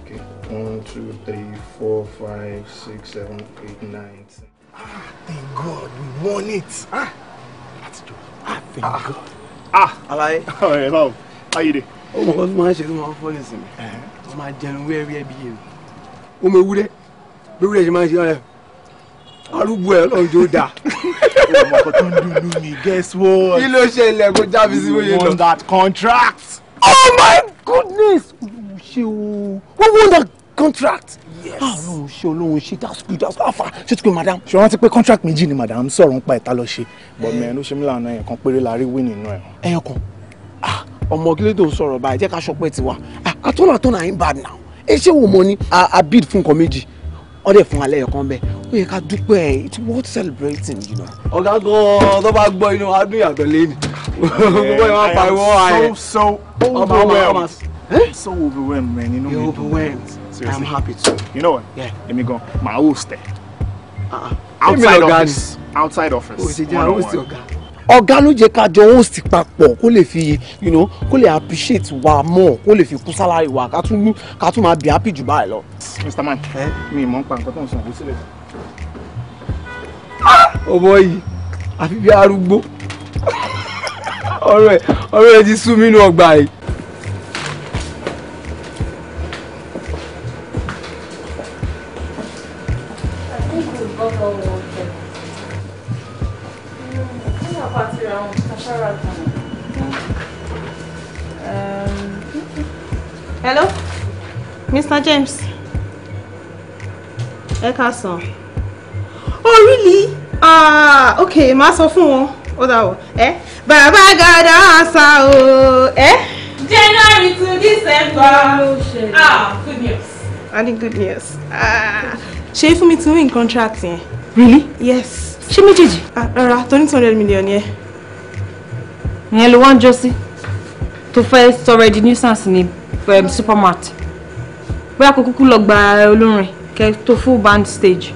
Okay. One, two, three, four, five, six, seven, eight, nine. Ten. Ah, thank God, we won it. Ah alaye ọ̀rẹ́ báwo ayé de. ó mọ̀ kó tó máa ń ṣe tó máa ń fọ́ lè sinmi wọ́n máa jẹun wẹ́rẹ́ bí yẹn ó mọ ewúrẹ́ bí ewúrẹ́ ṣe máa ń ṣe ọ̀rẹ́ arúgbó ẹ̀ lọ́run tó dáa. ó mọ̀ kó tó ń dùnú mi guess what. kí ló ṣe ilẹ̀ kó jábí sí wọ́n lọ. we won that contract. oh my goodness ṣe o we won that contract àrùn ah, ṣe olóhùn ṣe that's good that's afa ah, ṣe ti pe madam. ṣé wọ́n ti pé contract méjì ni madam sọ̀rọ̀ ń pa ìta lọ ṣe but mẹ́rin ló ṣe mí lànà ẹ̀yàn kan péré la rí win nínú ẹ̀. ẹyàn kan ah, ọmọ kílódé tó ń sọ̀rọ̀ báyìí jẹ́ ká ṣọpẹ́ tiwa àtọ́nà àtọ́nà yín bad now ẹ ṣé wo mo ni a bid fún nǹkan méjì wọ́n dẹ̀ fún alẹ́ yẹn kan bẹ́ẹ̀ ó yẹ ká dúpẹ́ ẹ̀ it's worth celebrating you know. ọ̀gá gan-an tó bá gbọ́ inú adùn yàtọ̀ lẹ́nu gbogbo ìwà pariwo ayẹ. Oh, so so overwhelmed so overwhelmed man inú mi dùn seriously. I'm happy to. You know what? Yeah. Let uh-uh. me go. My host there. Uh-uh. Outside office. Outside office. Oh, is it there? Host your guy. ọ̀gá ló jẹ́ ká jọ host papọ̀ kó lè fi you know kó lè appreciate wa mọ̀ kó lè fi kún salary wa ká tún ká tún máa be happy jù báyìí lọ. Mr. Man eh? mi ìmọ̀ ń pa nǹkan tó ń sọ òun sílẹ̀. ọmọ yìí àfi bí arúgbó ọ̀rọ̀ ẹ̀ ọ̀rọ̀ ẹ̀ ti sú mí nínú Mr. James ẹ ká sàn oh really ah okay. màá sọ fún wọn ó dà wọ ẹ bàbá gàdá àṣà o ẹ. January to December ah good news. any good news ah ṣe fún mi ti win contract yẹn. really yes. ṣé méjèèjì. Ah, rárá tó ní two hundred million yẹn. ìyẹn ló wá ń jọ sí tó fẹ́ sọ̀rọ̀ di nuisance ní um, supermarket bóyá kò kúkú lọ gba olórin kẹ tó full band stage.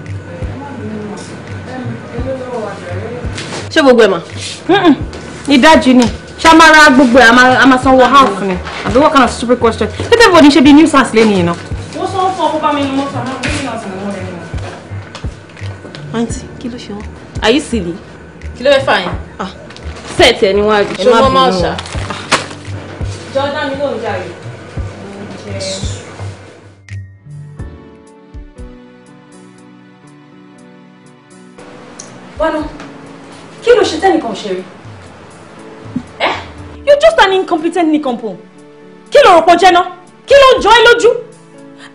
ṣé gbogbo ẹ̀ mà. ìdajì ni ṣàmárà gbogbo ẹ̀ a máa sanwó half ni àbí what kind of stupid question pété bò ní ṣe bí nuisance lé nìyẹn náà. wọ́n sọ fún ọkọ bá mi ní mọ́tò àmọ́ bí nuisance ni wọ́n rẹ̀ nù. àǹtí kí ló ṣe wọ́n are you silly. kí ló fẹ́ fà yín. Ah, set ẹ níwájú. ẹ má bínú o. Ah. jọ́dá mi ló jà yìí. Bọ́nà, kí ló ṣe tẹ́nìkan ṣeré? Eh? you're just an incompetent nincompoop. Kí ló rò pọ̀ jẹ́ náà? Kí ló ń jọ ẹ́ lójú?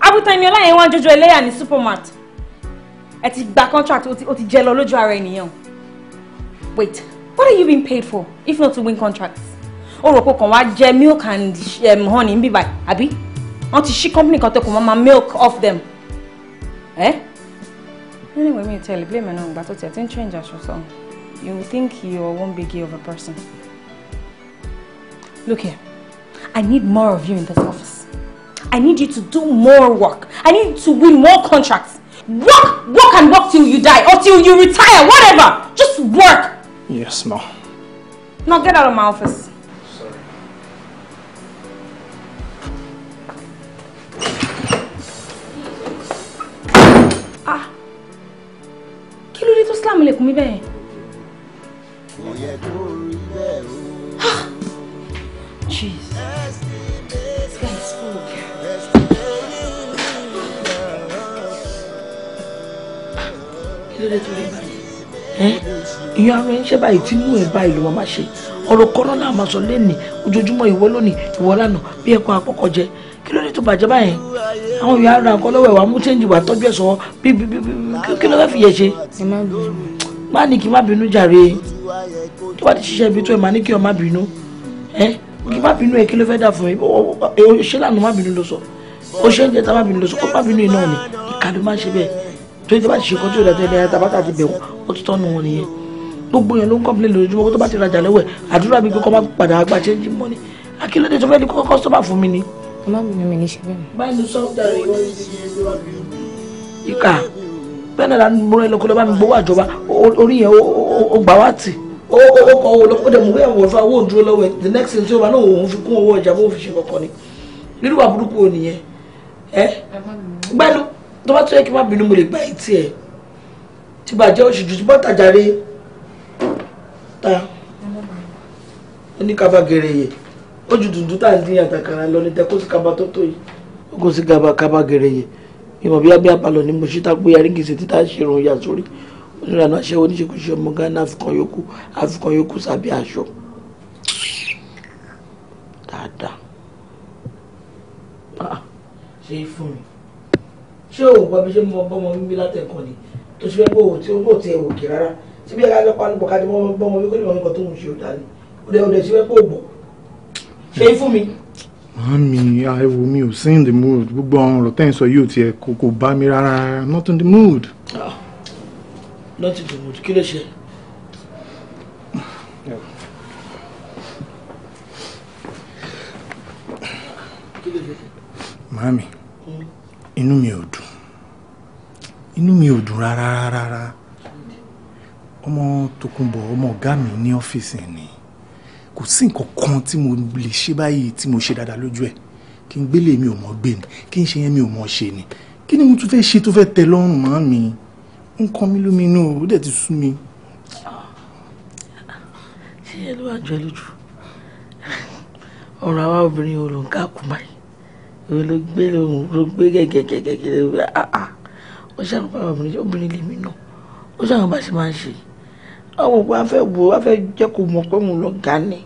Abuta Eniola yẹn wá jọjọ ẹlẹ́yà ní supermart. Ẹ ti gba contract ó ti jẹ lọ lójú ara ènìyàn. Wait, what are you being paid for if not to win contracts? Ó rò pé kàn wá milk and um, honey ń bíbà, abi? Wọ́n ti ṣí company kan tó kàn máa milk off them. Eh? anyway me tell you, blame ẹ̀ náà but tó tiẹ̀ ti ń change aṣọ sọ you think you are one biggie of a person. Look here, I need more of you in this office. I need you to do more work. I need you to win more contracts. Work, work and work till you die or till you retire, whatever. Just work. Yes, ma. Now get out of my office. kún mi bẹ́ẹ̀. jeez this guy is full. kí ló dé tó lè báyìí. ìyá ara ẹ̀ ń ṣe báyìí tí inú ẹ̀ báyìí ló máa ṣe ọ̀rọ̀ kọ́rọ́nà àmàsọ lẹ́nìí ojoojúmọ́ ìwọ lónìí ìwọ lánàá bí ẹ̀kọ́ àkọ́kọ́ jẹ kí ló dé tó bàjẹ́ báyẹn àwọn ìyá ara nǹkan lọ́wọ́ ẹ̀ mú chẹ́ǹjì wà tọ́jú ẹ̀ sọ bí bí bí kí ló fẹ́ fi yẹ ṣe. ẹ má bẹ̀rù má ní kí n má bínú jàre tó bá ti ṣiṣẹ́ ibi tó ẹ̀ má ní kí n má bínú ẹ kí n má bínú ẹ kí ló fẹ́ dà fún ẹ ṣé lànà má bínú ló sọ ó ṣe ń jẹ tá má bínú ló sọ ó má bínú iná ni ìkàdé má ṣe bẹ́ẹ̀ tó yẹ tó bá ti ṣe nǹkan tí ò dàtẹ́ ẹ̀dá tabata ti bẹ̀ ó ti tọ́nu wọn nìyẹn gbogbo yẹn ló ń kọ́pìlẹ̀ lójoojúmọ́ tó bá ti rajà lẹ́wẹ̀ àdúrà mi kọ́kọ́ má padà àgbà ṣe bẹ́ẹ̀ náà ni mo rán mi gbowó àjọba orí yẹn ó gbà wá tì ó kọ owó lọ ó dẹ̀ mú fún owó òdúró lọ́wọ́ ẹ̀ the next thing tí ó bá náà òun fi kún owó ọjà bó fi ṣe kọ̀ọ̀kan ni nínú wà burúkú ò nìyẹn ẹ gbẹ́nu tó bá tó yẹ kí n má bínú mo lè gbá etí ẹ̀ tí bàjẹ́ òṣìṣú tí bọ́tà járe ta oníkaba gèrè yẹ ó ju dùndú tá à ń dín àtàkàrà lọ ní tẹ kó sí kaba tó tó yìí ó kó sí kaba gèrè yẹ ìmọ̀ bí abẹ́ abalọ̀ ni mo ṣe tá pé arígèsè títà ṣerun ìyá sórí onírànà aṣẹ́wó oníṣekúṣe ọmọ Ghana àfikàn yòókù àfikàn yòókù sábẹ́ aṣọ dáadáa. Ah. ṣé fún mi ṣé òun pa bí ṣe mọ bọ́mọ bíbí látẹ̀kọ́ ni tó ṣe fẹ́ bó o tí o bó tiẹ̀ òkè rárá tí bí ẹ̀ka ẹ̀ka panu bọ̀ ká ti bọ́mọ bíbí kó lè mọ tó ń ṣe ò ni ó dẹ̀ ó ṣe fẹ́ bó o bọ̀ ṣé fún mi. Mami, àìwò mi ò sí in the mood. Gbogbo àwọn ọ̀rọ̀ tẹ́ sọ yóò tiẹ̀ kò kò bá mi rárá. Not in the mood. Ah, not in the mood. Kí ló ṣe? Mami, hmm? inú mi ò dùn. Inú mi ò dùn rárá rárá. Ọmọ Tòkunbọ̀ ọmọ ọ̀gá mi ní ọ́fíìsì ni. Office, kò sí nǹkan kan tí mo lè ṣe báyìí tí mo ṣe dáadáa lójú ẹ̀ kí n gbélé mi ò mọ̀ gbé ni kí n ṣe yẹn mi ò mọ̀ ṣe ni kí ni mo tún fẹ́ ṣe tó fẹ́ tẹ́ lọ́rùn mọ́ mi ń kọ́ mi lóminú ó dẹ̀ ti sú mi. ṣé ẹ ló wà jọ lójú ọ̀rọ̀ àwa obìnrin ò ló ń ká kú báyìí òun ló gbé lóhùn ló gbé gẹ́gẹ́gẹ́gẹ́ ah, ah. ó ṣàǹfà obìnrin obìnrin lèmi náà ó ṣàǹfà bá ṣe máa ń ṣe àwọn òpó afẹ́ wo afẹ́ jẹ́ kó mọ̀ pé mo lọ gà ni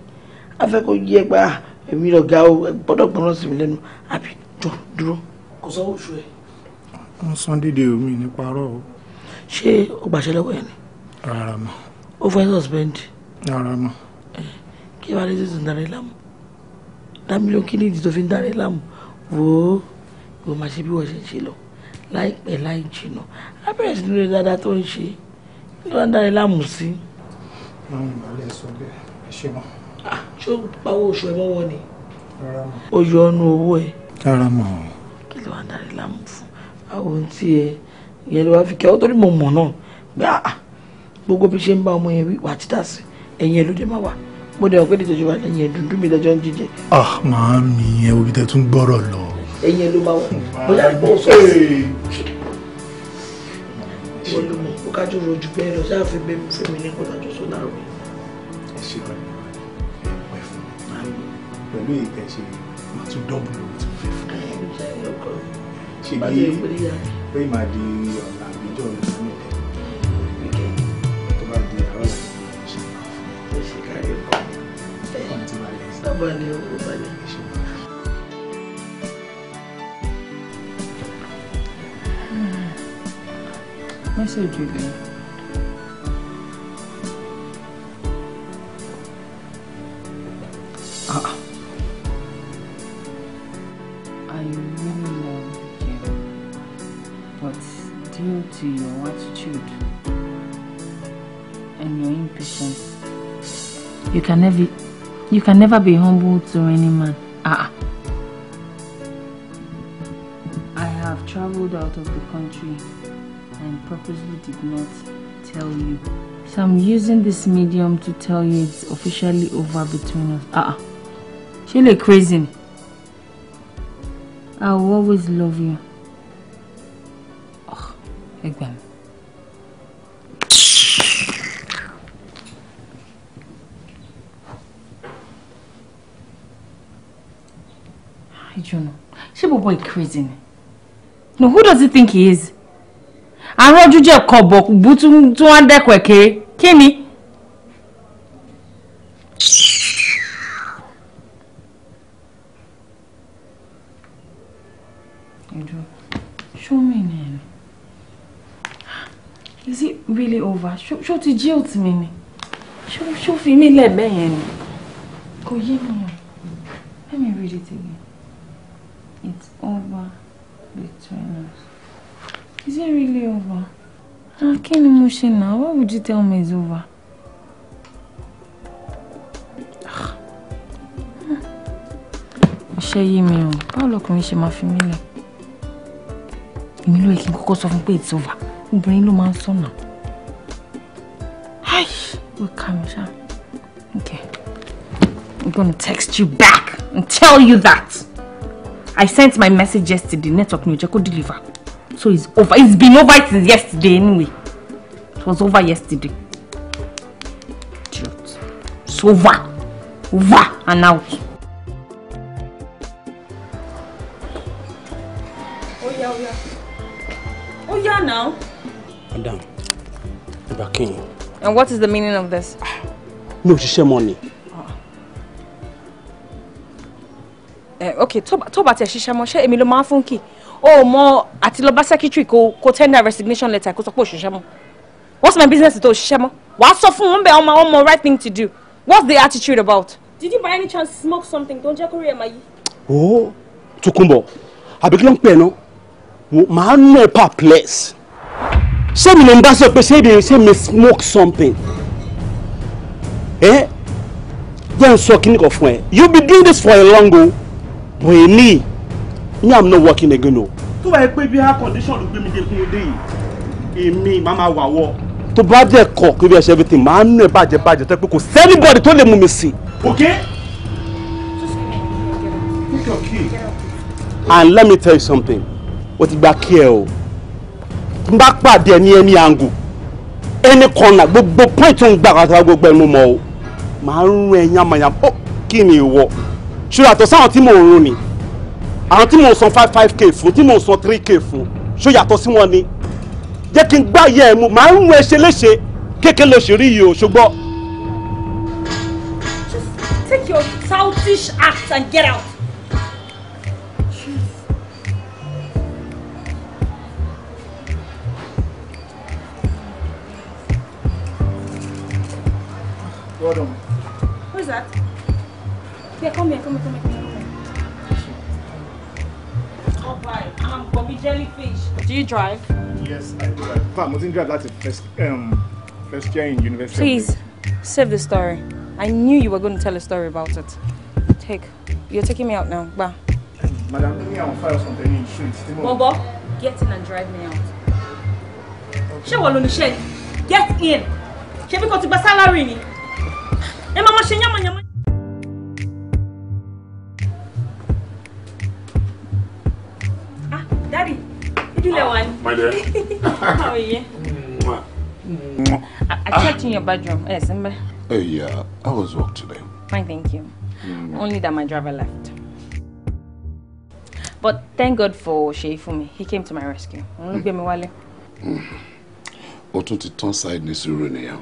afẹ́ kò yí ẹgbà ah, èmi lọ́gà o gbọ́dọ̀ gbọ́dọ̀ sí mi lẹ́nu àbí jọ dúró. kò sọ oṣù ẹ. wọn san dídé omi ní parọ́ o. ṣé o gbàṣẹ lọ́wọ́ ẹ ni. rárá mọ. o fẹ́ suspend. rárá mọ. kí wàá lè tuntun darí lámù dámilọ kí ni ìdí tó fi ń darí lámù wò ó ìwọ máa ṣe bí wọ́n ṣe ń ṣe lọ láìpẹ́ láì jìnà abẹ́rẹ́ sí lórí dáadáa tó ń ṣe ló ń darí lámù sí. máa ń balẹ̀ sọ bẹ́ẹ̀ ẹ ṣe wọn ṣó ń pawó oṣù ẹ mọ́wọ́ ni. ó yọ ọ́nú owó ẹ. rárá mọ̀. kí ló wá ń darí láàmú fún àwọn ohun tí ẹ ìyẹn ló wá fi kẹ́ ọ́ torí mo mọ̀ náà pé àà ah, ah, gbogbo bí ṣe ń bá ọmọ yẹn wí wà á títà sí ẹ̀yìn ẹ̀ ló dé má wà mo dẹ̀ ọ̀pẹ́ ìtọ́jú wa lẹ́yìn dúdú mi lọ́jọ́ ń jíjẹ. ah màá mi ẹ obi tẹ tún gbọ́rọ̀ lọ. ẹ̀yìn ẹ̀ ló máa wà bóyá ìbò sọ́ọ̀sì. ìwọ ló mọ̀ ó kájú rojú bẹ́ẹ̀ lọ sáà fi bẹ́ẹ̀ fún mi ní kọ́tà tó sọ láàrọ̀ pẹ̀lú ìtẹ̀sẹ̀ máa tún dọ́bù lòun ti fẹ́ fún un. ṣe bí pé màá di ọ̀la àbíjọ́ mi fún ìtẹ̀ tó bá di àárọ̀ làwọn ṣe máa fún un. ṣe káyọ̀ kọ́ ọ̀n ti balẹ̀. sábàlẹ̀ ọkọ̀ balẹ̀. message you there. You can never, you can never be humble to any man. Ah, ah. I have traveled out of the country and purposely did not tell you. So I'm using this medium to tell you it's officially over between us. Ah. ah. she look crazy. I will always love you. boy crazy ni no who does he think he is àrùn ojú jẹ́ kọ̀bọ̀ bùtú tí wọ́n dẹ́kọ̀ ẹ̀kẹ́ kí ni. show me nene is it really over Show, show jilt mi ni ṣó show mí lẹ̀ bẹ́ẹ̀ yẹn ni kò yé mi let me read it again. It's over between us. Is it really over? Ah, kí ni mo now? Why would you tell me it's over? Ah. Ah. Ṣé yé mi o? Báwo lọkùnrin ṣe máa fi mí lẹ̀? Èmi ló yẹ kí n kọ́kọ́ sọ fún pé it's over. Obìnrin ló máa ń sọ̀nà. Hi, ó kà mí ṣá. Okay, I'm gonna text you back and tell you that. I sent my message yesterday network ni ó jẹ́ deliver so it's over it's been over since yesterday anyway it was over yesterday idiot it's over over and out. Oya oya oya now. Madam, Ibakin. And what is the meaning of this? No ò ṣiṣẹ́ mọ́ okay tó bá tẹ̀ ṣiṣẹ́ mọ́ ṣé èmi ló máa ń fún kì ó mọ àti lọ bá secretary kó kó tender resignation letter kó sọ pé òṣìṣẹ́ mọ́ what's my business tó òṣìṣẹ́ mọ́ wàá sọ fún wọn bẹ́ẹ̀ ọmọ ọmọ right thing to do what's the attitude about. did you by any chance smoke something tó ń jẹ́ kórè ẹ̀ máa yí. ó Tòkunbọ̀ àbí kí ló ń pè ná màá nù ẹ̀ pa place ṣé mi ló ń bá sọ pé ṣé mi smoke something ẹ jẹ́ n sọ kíní kan fún ẹ you be doing this for a long o. Really? Me, I'm not working again o. Tó bá yẹ pé bí air condition ló gbé mi dé fún mi dé yìí, èmi máa ma wà wọ. Tó bá dẹ̀ kọ̀ kí bí ẹ ṣe everything, màá nù ẹ bàjẹ́ bàjẹ́ tó pé kò anybody tó lè mú mi sí. Okay? Take your key. And let me tell you something, o ti gba kí ẹ o. N bá pàdé ẹ ní ẹni àǹgù, ẹni kọ̀nà gbogbo pọ́ìntì ń gbà kàtàkùn gbogbo ẹnu mọ́ o. Màá ń rún ẹ yánmayàn. Ó oh, kí ni ìwọ? ṣó yàtọ̀ sáwọn tí mò ń run ni àwọn tí mò ń san five five k fún tí mò ń san three k fún ṣó yàtọ̀ sí wọn ni jẹ́ kí n gbá ìyá ẹ̀ mu màá ń wọ ẹṣẹ léṣe kékeré lọ ṣèrí yìí o ṣùgbọ́n. just take your childish act and get out. Well done. is that? Here, come here, come here, come here. Jellyfish. Do you drive? Yes, I drive. I'm not drive. That's the first, um, first year in university. Please, save the story. I knew you were going to tell a story about it. Take. You're taking me out now. Bye. Madam, let me out file something Shoot. insurance. get in and drive me out. Ṣé wọ́n Get in! Ṣé bí kò ti gba sálárì ni? Ẹ máa ma ṣe yánmọ̀yánmọ́. My dear. How are you? Mm. I, checked in your bedroom. Yes, eh, remember? Hey, yeah. I was work today? Fine, thank you. Mm. Only that my driver left. But thank God for Sheifumi. He came to my rescue. Mm. Gbé mi wálé. Mm. Ó ti tán side ní sùúrù nìyẹn.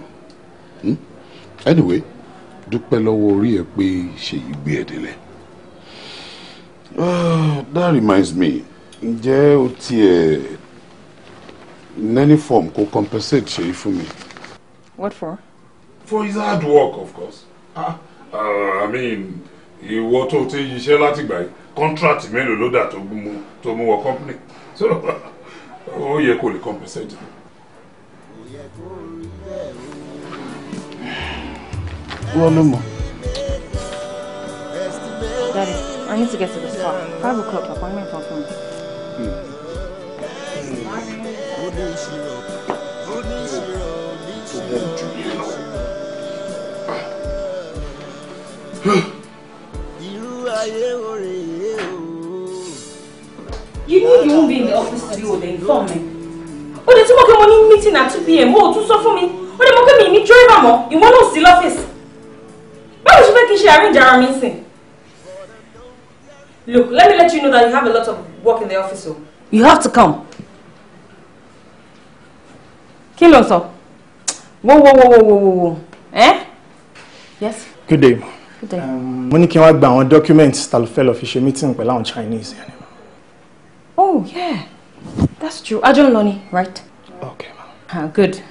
Hmm? Anyway, dúpẹ́ lọ́wọ́ orí ẹ pé Ṣèyí gbé ẹ délẹ̀. Ah, that reminds me, ǹjẹ́ o e in any form kò compensate ṣe fún mi. what for. for his hard work of course. ah uh, i mean he ìwọ tó ti ṣiṣẹ́ látìgbà yìí contract mélòó ló dà tó mú tó mú wọ company so ó yẹ kó lè compensate. wọ́n ló mọ̀. Daddy, I need to get to the spa. Five o'clock appointment on phone. you knew you won't be in the office today or they inform me. o they tí mo meeting at two pm o tún sọ fún mi o de mo kí mi ní dírẹ́bà mọ́ ìwọ náà sí lọ́fíìsì báwo ṣe fẹ́ kí n ṣe arrange our meeting? Look, let me let you know that you have a lot of work in the office. So. You have to come kí ló sọ wo wo wo wo wo wo eh yes. good day good day. Um, mo ní kí wọ́n gba àwọn documents ta ló fẹ́ lọ fi ṣe meeting pẹ̀lú àwọn Chinese oh yeah that's true ajo ń lọ ni right. okay ma. Uh, good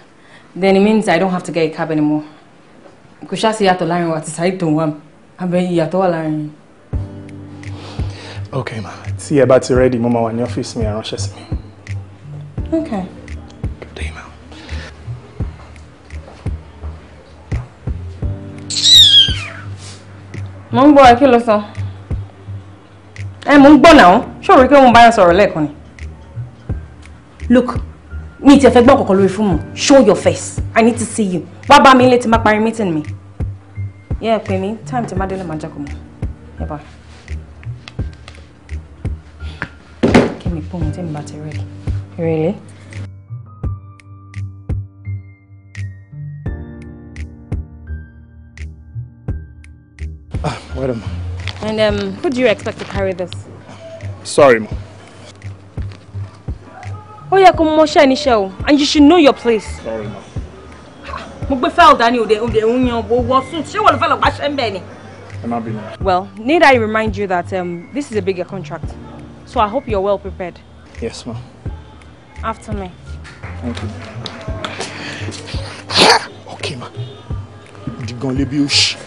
then it means I don't have to get a cab anymore kò ṣáà sí ìyàtọ̀ láàrin wa àti Saheed tó ń wá mi àbẹ̀ ìyàtọ̀ wà láàrin mi. okay ma tí ẹ bá ti rẹ́dì mo máa wà ní ọ́fíìsì mi ẹ sí mi. okay. mo ń gbọ́ ẹ kí ló sọ ẹ mo ń gbọ́ náà ṣòro pé mo bá yàn sọ̀rọ̀ lẹ́ẹ̀kan ni. look mi ti ẹ fẹ́ gbọ́ kọ̀ọ̀kan lórí fún mi show your face i need to see you wá bá mi ilé tí má parí meeting mi yẹ ẹ pè mí time tí má délé má jẹ́ kó mọ̀ ẹ bá kí mi pọ́n mo tí mi bá ti rẹ̀ rẹ̀ lé. Wait And um, who do you expect to carry this? Sorry, ma. Oh, yẹ come mọ iṣẹ́ show, and you should know your place. Sorry, ma. Mo gbé fẹ́ẹ̀ dání òde òde òun yan owó wọ́sùn. Ṣé wọ́n lọ fẹ́ lọ pàṣẹ ń bẹ̀ ni? Well, need I remind you that um, this is a bigger contract, so I hope you're well prepared. Yes, ma. After me. Thank you. Okay, ma. Digan lebi oṣù.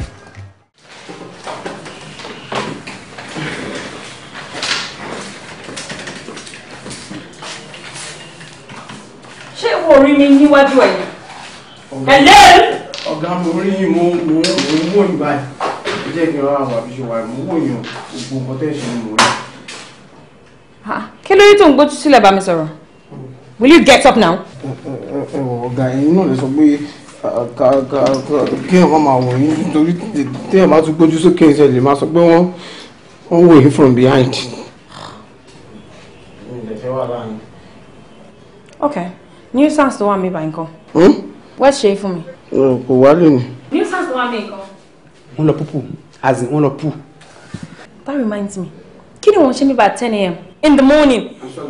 wo orí mi níwájú ẹ̀ ẹ̀lẹ́. ọ̀gá mo rí mo mo mo wò ní báyìí ẹ jẹ́ kí n rọra wà bí ṣe mo wò yàn gbogbo nǹkan tẹ́ ṣe ni mo rí. kí ló dé tó ń gbójú sílẹ̀ bá mi sọ̀rọ̀ will you get up now. ọ̀gá ẹ̀yin náà lè sọ pé kí ẹ̀wọ̀n máa wò yín nítorí tí ẹ̀ bá tún gbójú sókè ẹ̀sẹ̀ lè máa sọ pé wọ́n wọ́n wò yín from behind. okay nuisance tó wà mí báyìí nǹkan. Hmm? wọ́n ṣe é fún mi. kò wá lónìí. nuisance tó wà mí nǹkan. wọ́n lọ púpù as in wọ́n lọ pù. that reminds me kí ni wọ́n ṣe mí by ten a.m. in the morning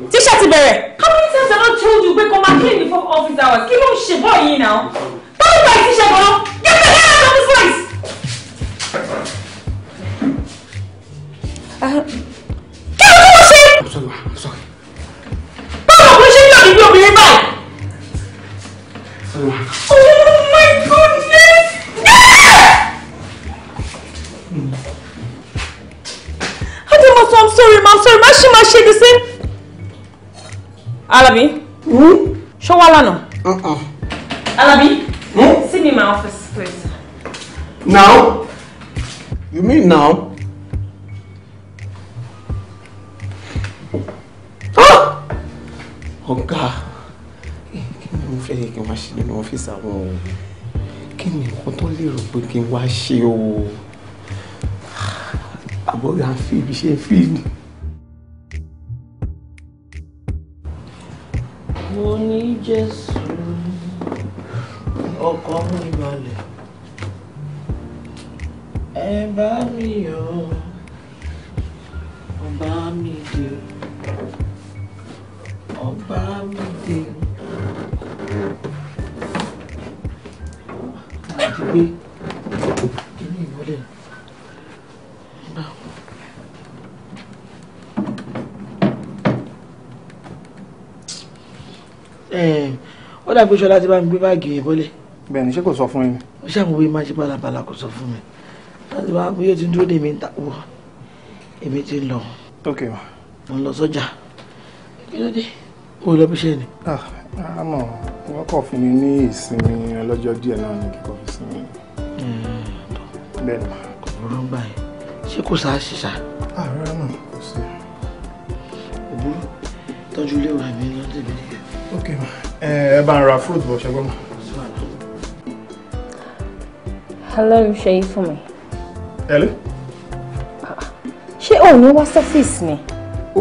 t ti bẹ̀rẹ̀. how many times have I told you pé kò máa clean before office hours kí ló ń ṣe bọ́ọ̀ yìí náà. báwo bá ìtíṣẹ́ bọ̀ lọ get the hell out of this place. Ah. kí ló ń ṣe. I'm sorry, I'm sorry. Oh my goodness! Adamaso, I'm sorry, ma, I'm sorry, ma, ṣe ma ṣe the same. Alabi? Ṣé wà lánàá? Alabi? Hmm? See me my office, please. Now? You mean now? Ah! Oh, God mo fẹ́ yẹ kí n wá ṣe nínú ọ́fíìsì àwọn òun hmm. kí ni nǹkan tó lérò pé kí n wá ṣe o àbọ̀ yà ń fi ibi ṣe fi. mo ní jésù ọkọ̀ mú ìbàlẹ̀ ẹ bá mi yọ̀ ọba mi dé ọba mi dé àti pé kíní ìmọ́lẹ̀ báwo. ó dàbí ṣọlá ti bá mi gbé báàgì yìí bọ́lẹ̀. bẹ́ẹ̀ ni ṣé kò sọ fún mi. ó ṣàmùwé máa ṣe bálabàla kò sọ fún mi láti bá mi yóò ti dúró dè ń tàwọ èmi ti lọ. ok ma. mo lọ sọ́jà kí ló dé o lọ bí iṣẹ́ ni àmọ́ ah, wọ́n kàn fún mi ní ìsinmi ọlọ́jọ́ díẹ̀ náà ní kíkọ́ fi sinmi. Hmm. bẹ́ẹ̀ni. kò burú gbà yẹn ṣé kò sáà ṣìṣà. àárọ̀ ah, náà kò sí. òbúrú tọ́jú ilé ìwà mi lọ́dẹ̀ mi ok ma ẹ bá ń ra fruit bọ̀ ṣẹgbọ́n ma. hello ṣe yí fún mi. hello. Ah, ṣé òun ní wá sọ́fíìsì mi.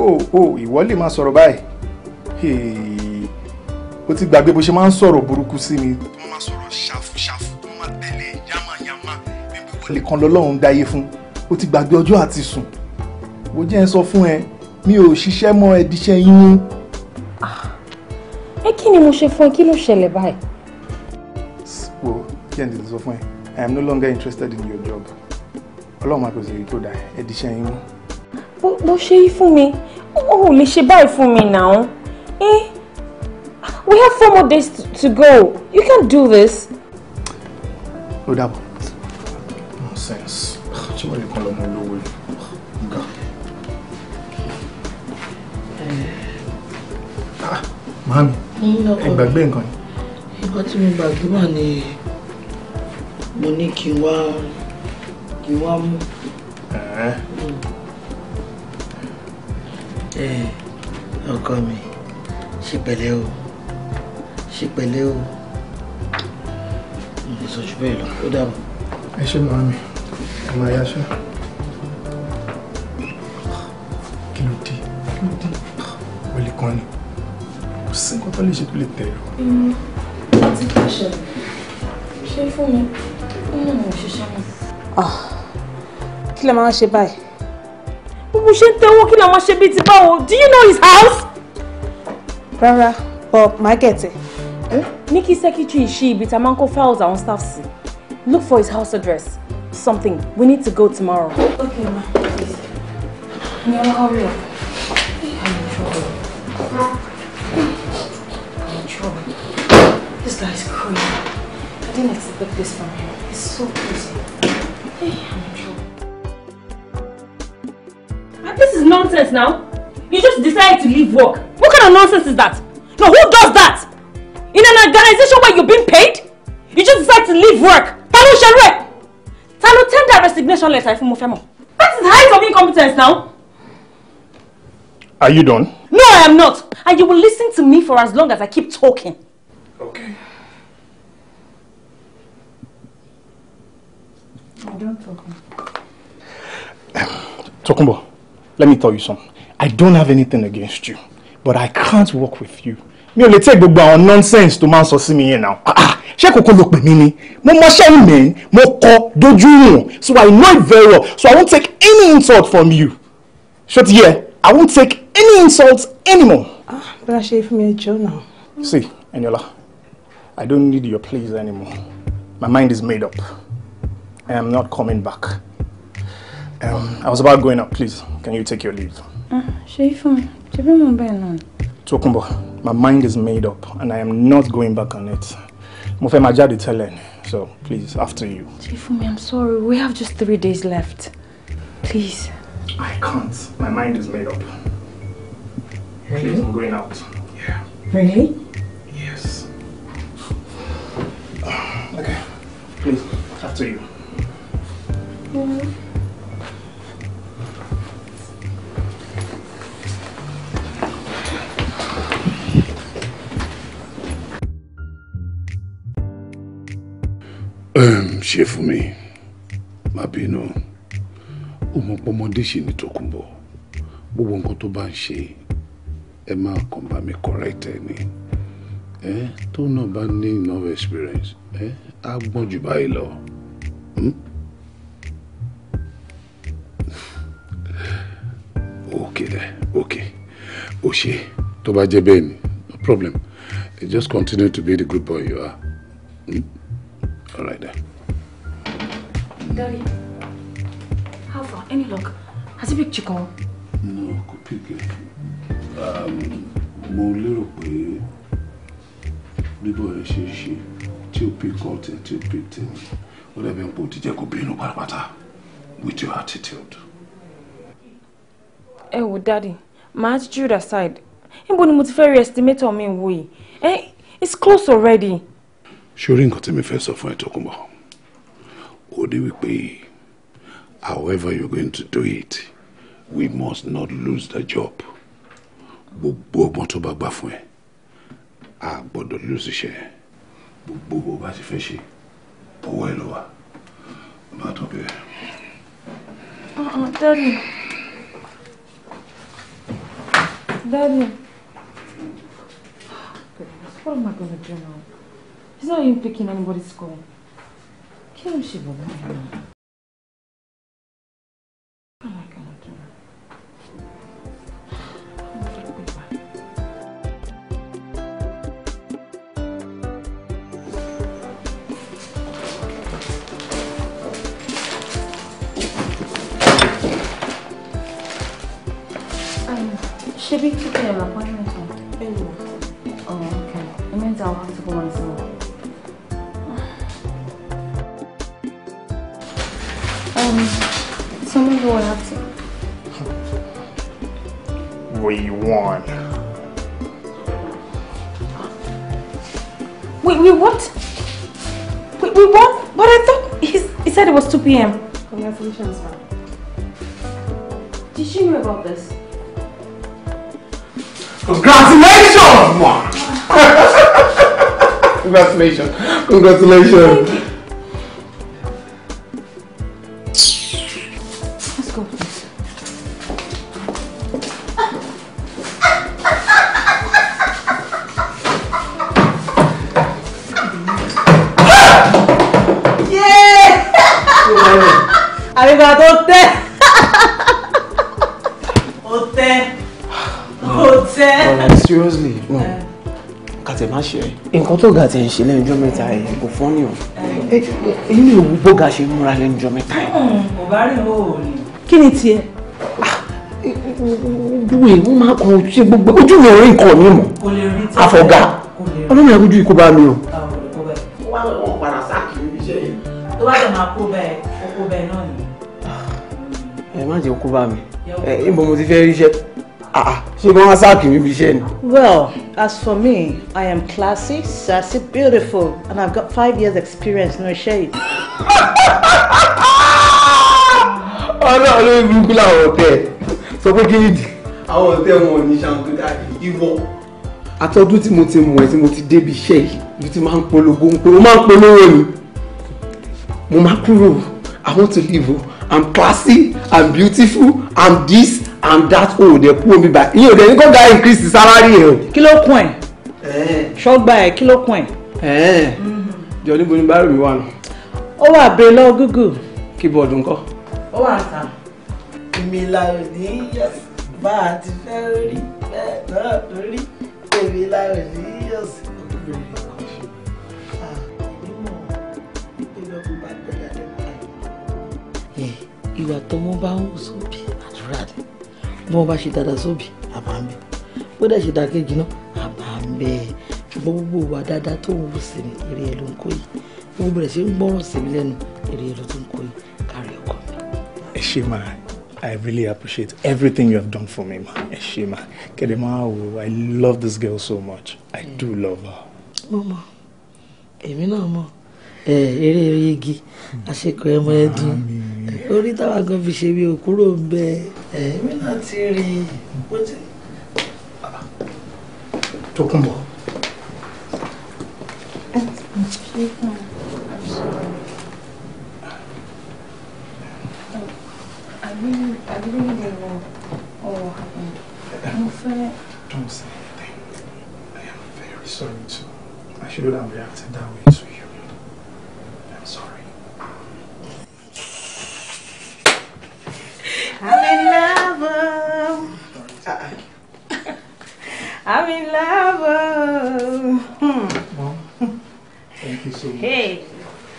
o ò ìwọ lè máa sọ̀rọ̀ báyìí o ti gbàgbé bó ṣe máa ń sọ̀rọ̀ burúkú sí mi. tó máa sọ̀rọ̀ ṣàfùṣàfù tó máa tẹ̀lé yàmàyàmà bíbí wọlé kan lọ́lọ́run dáyé fún o ti gbàgbé ọjọ́ àti sùn bó jẹ́ ń sọ fún ẹ mi ò ṣiṣẹ́ mọ́ ẹ̀díṣẹ́ yín. Ah. ẹ kí ni mo ṣe fún ẹ kí ló ṣẹlẹ̀ báyìí. wo kí ẹ̀ ń sọ fún ẹ I am no longer interested in your job ọlọ́run máa pèsè èyí tó dáa ẹ̀díṣẹ́ yín mú. bó ṣe yí fún mi o lè ṣe báyìí fún mi náà. Eh? We have four more days to, go. You can do this. Ó dàbọ̀. Nonsense. Ṣé wọ́n lè kọ́ lọ́mọ olówó yìí? Ga. Ah, Màámi, ẹ gbàgbé nǹkan yìí. Ìgbà tí mo gbàgbé wà ní mo ní kí n wá kí n wá mú. Ọkọ mi, ṣe pẹ̀lẹ́ o ṣe pẹ̀lẹ́ o ìsọjú bẹ́ẹ̀ lọ ó dàbọ̀. ẹ ṣe máa mi ẹ máa yáṣọ kí ló dé kí ló dé wọlé kan ni kò sí nǹkan tó lè ṣe tó lè tẹ̀ ẹ́. Mm. àti kí ṣẹlẹ̀ ṣé fún mi ó mọ̀ mọ̀ òṣìṣẹ́ mi. Ah, kí ló máa ṣe báyìí bó ṣe ń tẹ́wọ́ kí ló máa ṣe bíi ti báwo do you know his house. rárá bob máa gẹ̀tẹ̀ ní secretary ṣí ibi tá a máa ń kó files our staff sí look for his house address something we need to go tomorrow. okay ma please ní ọlá hurry up i'm in trouble i'm in trouble this guy is crazy i didn't expect this from him he's so crazy hey, i'm in trouble. this is nonsense now you just decided to leave work what kind of nonsense is that no who does that in an organization where you've been paid you just decide to leave work ta ló ṣerú Tell ta ló tender resignation letter if you fẹ́ mọ̀ that is height of incompetence now. Are you done? No, I am not. And you will listen to me for as long as I keep talking. Okay. I don't talk. Um, Tokumbo, let me tell you something. I don't have anything against you, but I can't work with you mi ò lè tẹ́ gbogbo àwọn nonsense tó máa ń sọ sí mi yẹn náà ah, ah, ṣé kòkó ló pè mí ni mo mọṣẹ́ ìmẹ̀ mo kọ dojú wọn so I know it very well so I won't take any insult from you ṣé ti yẹ I won't take any insult anymore. ah bẹ́ẹ̀ ṣe fún mi ẹjọ́ náà. see Eniola I don't need your pleas anymore my mind is made up and I'm not coming back um, I was about going out please can you take your leave ṣe fún mi ṣe bí mo my mind is made up and I am not going back on it mo fẹ́ máa so please after you. ṣe I'm sorry we have just three days left please. I can't my mind is made up. Really? Please I'm going out. Yeah. Really? Yes. okay please after you. Mm Ehm, ṣe fún mi má bínú ó mọ pọmọdé ṣì ní Tòkunbọ̀ gbogbo nǹkan tó bá ń ṣe ẹ máa kàn bá mi correct ẹ ni ẹ tó náà bá ní enough experience ẹ á gbọ́n jù báyìí lọ. Hmm? okay then okay o ṣe tó bá jẹ́ bẹ́ẹ̀ ni no problem just continue to be the good boy you are. Mm? All right then. Daddy, how far? Any luck? Has he picked Chico? No, could pick ẹ. Um, more little pé bíbọ̀ ẹ she, ṣe tí pick call and tí pick tẹ̀ Whatever you put bẹ́ẹ̀ ń pò tíjẹ́ kó bínú pátápátá with your attitude. Eh, wo daddy, my attitude aside, níbo ni mo ti fẹ́ rí estimator mi wò eh, It's close already ṣorí nǹkan tí mi fẹ́ sọ fún ẹ tó kún bọ̀ ó ní wípé however you're going to do it we must not lose the job gbogbo ọgbọ́n tó bá gbà fún ẹ a gbọ́dọ̀ lose iṣẹ́ gbogbo bó bá ti fẹ́ ṣe owó ẹ ló wà bá tó bẹ̀rẹ̀. dadi dadi what am I gonna do now? It's not even picking anybody's call. Kí ló ń ṣe bọ̀bọ̀ yìí? Should we keep an appointment? Oh, okay. It means I'll have to go myself. Um, going after. What do you want? Wait, wait, what? Wait, wait, what? But I thought he, he said it was 2 p.m. Congratulations, ma'am. Did she know about this? Congratulations, man! Congratulations. Congratulations. go, please. Àrígbà tó tẹ́. Ó tẹ́. Seriously, no. Eh. Kàtẹ́ má ṣe. Nǹkan tó ga ti ń ṣe lẹ́njọ́ mẹ́ta yìí kò fọ́nì o. Inú ìwú bóga ṣe múra lẹ́njọ́ mẹ́ta yìí. Hmm, kò bá rí kí ni tiẹ̀. Ah, ojú ìwé máa kọ ṣe gbogbo ojú mi ò rí nǹkan mi mọ̀ àfọ̀gà ọlọ́run yà ojú ìkó bá mi o. wọ́n á wọ̀ padà sáàkì níbi iṣẹ́ yìí. tó bá jọ máa kó bẹ́ẹ̀ kó bẹ́ẹ̀ náà ni. ẹ má jẹ́ kó bá mi ẹ ìbò mo ti fẹ́ ríṣẹ́ ah, ah, ṣé wọ́n á sáàkì níbi iṣẹ́ ni. well as for me i am classy sassy beautiful and i've got five years experience no shade. ọlọ́run ló ń burúkú láwọn sọ pé kí nìdí. àwọn ọ̀tẹ̀ wọn ò ní ṣàǹtó káàkiri ìwọ. àtọ́dún tí mo ti mọ̀ ẹ́ tí mo ti débi iṣẹ́ yìí ló ti máa ń polówó ń polówó máa ń polówó mi mo máa kúrò I want to live o oh. I'm classy I'm beautiful I'm this I'm that o ò dẹ̀ kú omi bá iye ò dẹ̀ ní kó da increase the salary ẹ̀ o. kí ló kún ẹ ṣọgbà ẹ kí ló kún ẹ. Mm-hmm. jọ níbo ni bá rò mí wà nù. ó wà bẹ́ẹ̀ lọ Google. keyboard ńkọ́ ó wà ta èmi la ò ní yọ bá a ti fẹ́ rí bẹ́ẹ̀ náà lórí èmi la ò ní yọ sí. ìwà tọmọ bá ń wù sóbì àdúrà ni bí wọn bá ṣe dáadáa sóbì àbá bó dẹ̀ ṣe dáa kejì náà àbá ń gbogbo ìwà dáadáa tó ń wù sí mi èrè ẹ̀ ló ń kó yìí gbogbo rẹ̀ ṣe ń gbọ́rọ̀ sí mi lẹ́nu èrè ẹ̀ ló tó ń kó yìí ṣé I really appreciate everything you have done for me ma ẹ ṣé ma I love this girl so much I mm. do love her. mo mọ èmi Eh, mọ eré eré igi hmm. àṣekọ ẹmọ ẹdín orí táwa gan fi ṣe bí òkúrò ń bẹ èmi náà ti rí mo ti. Tókunbọ̀. ṣé àbí àbí what happened. I'm fẹ́. Don't say anything. I am very sorry too. I shouldn't have reacted that way to you. I'm sorry. I'm in love. Uh-uh. I'm in love. Mom, hmm. thank you so much. Hey,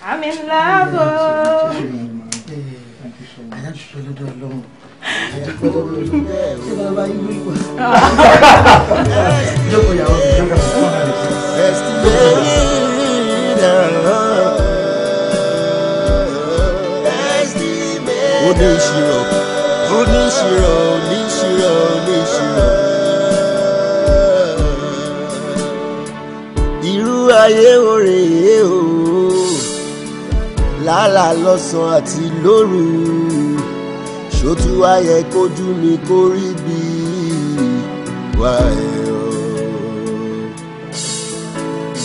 I'm in love. jùlọ lọ́dọ̀ ọlọ́run ṣé bàbá yín irú ayé òrèé o lálàá lọ́sàn-án àti lóru ṣòtú ayẹ kojú mi kó rí bí wà ẹ o.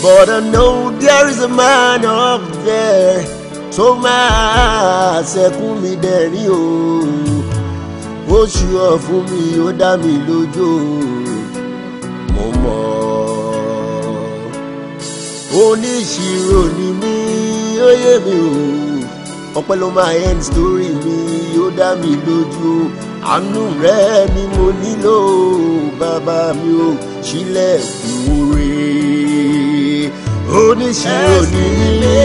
But I know there is a man up there tó máa ṣẹkún mi dẹ̀rín o. Ó ṣùọ́ mi ó dá mi lójú mo mọ̀ oníṣirò ni mí ó yé mi o ọpẹ́ ló máa end story mi dá mi lójú àánú rẹ ni mo nílò bàbá mi ò sílẹ̀ kúure oníṣirò ní ilé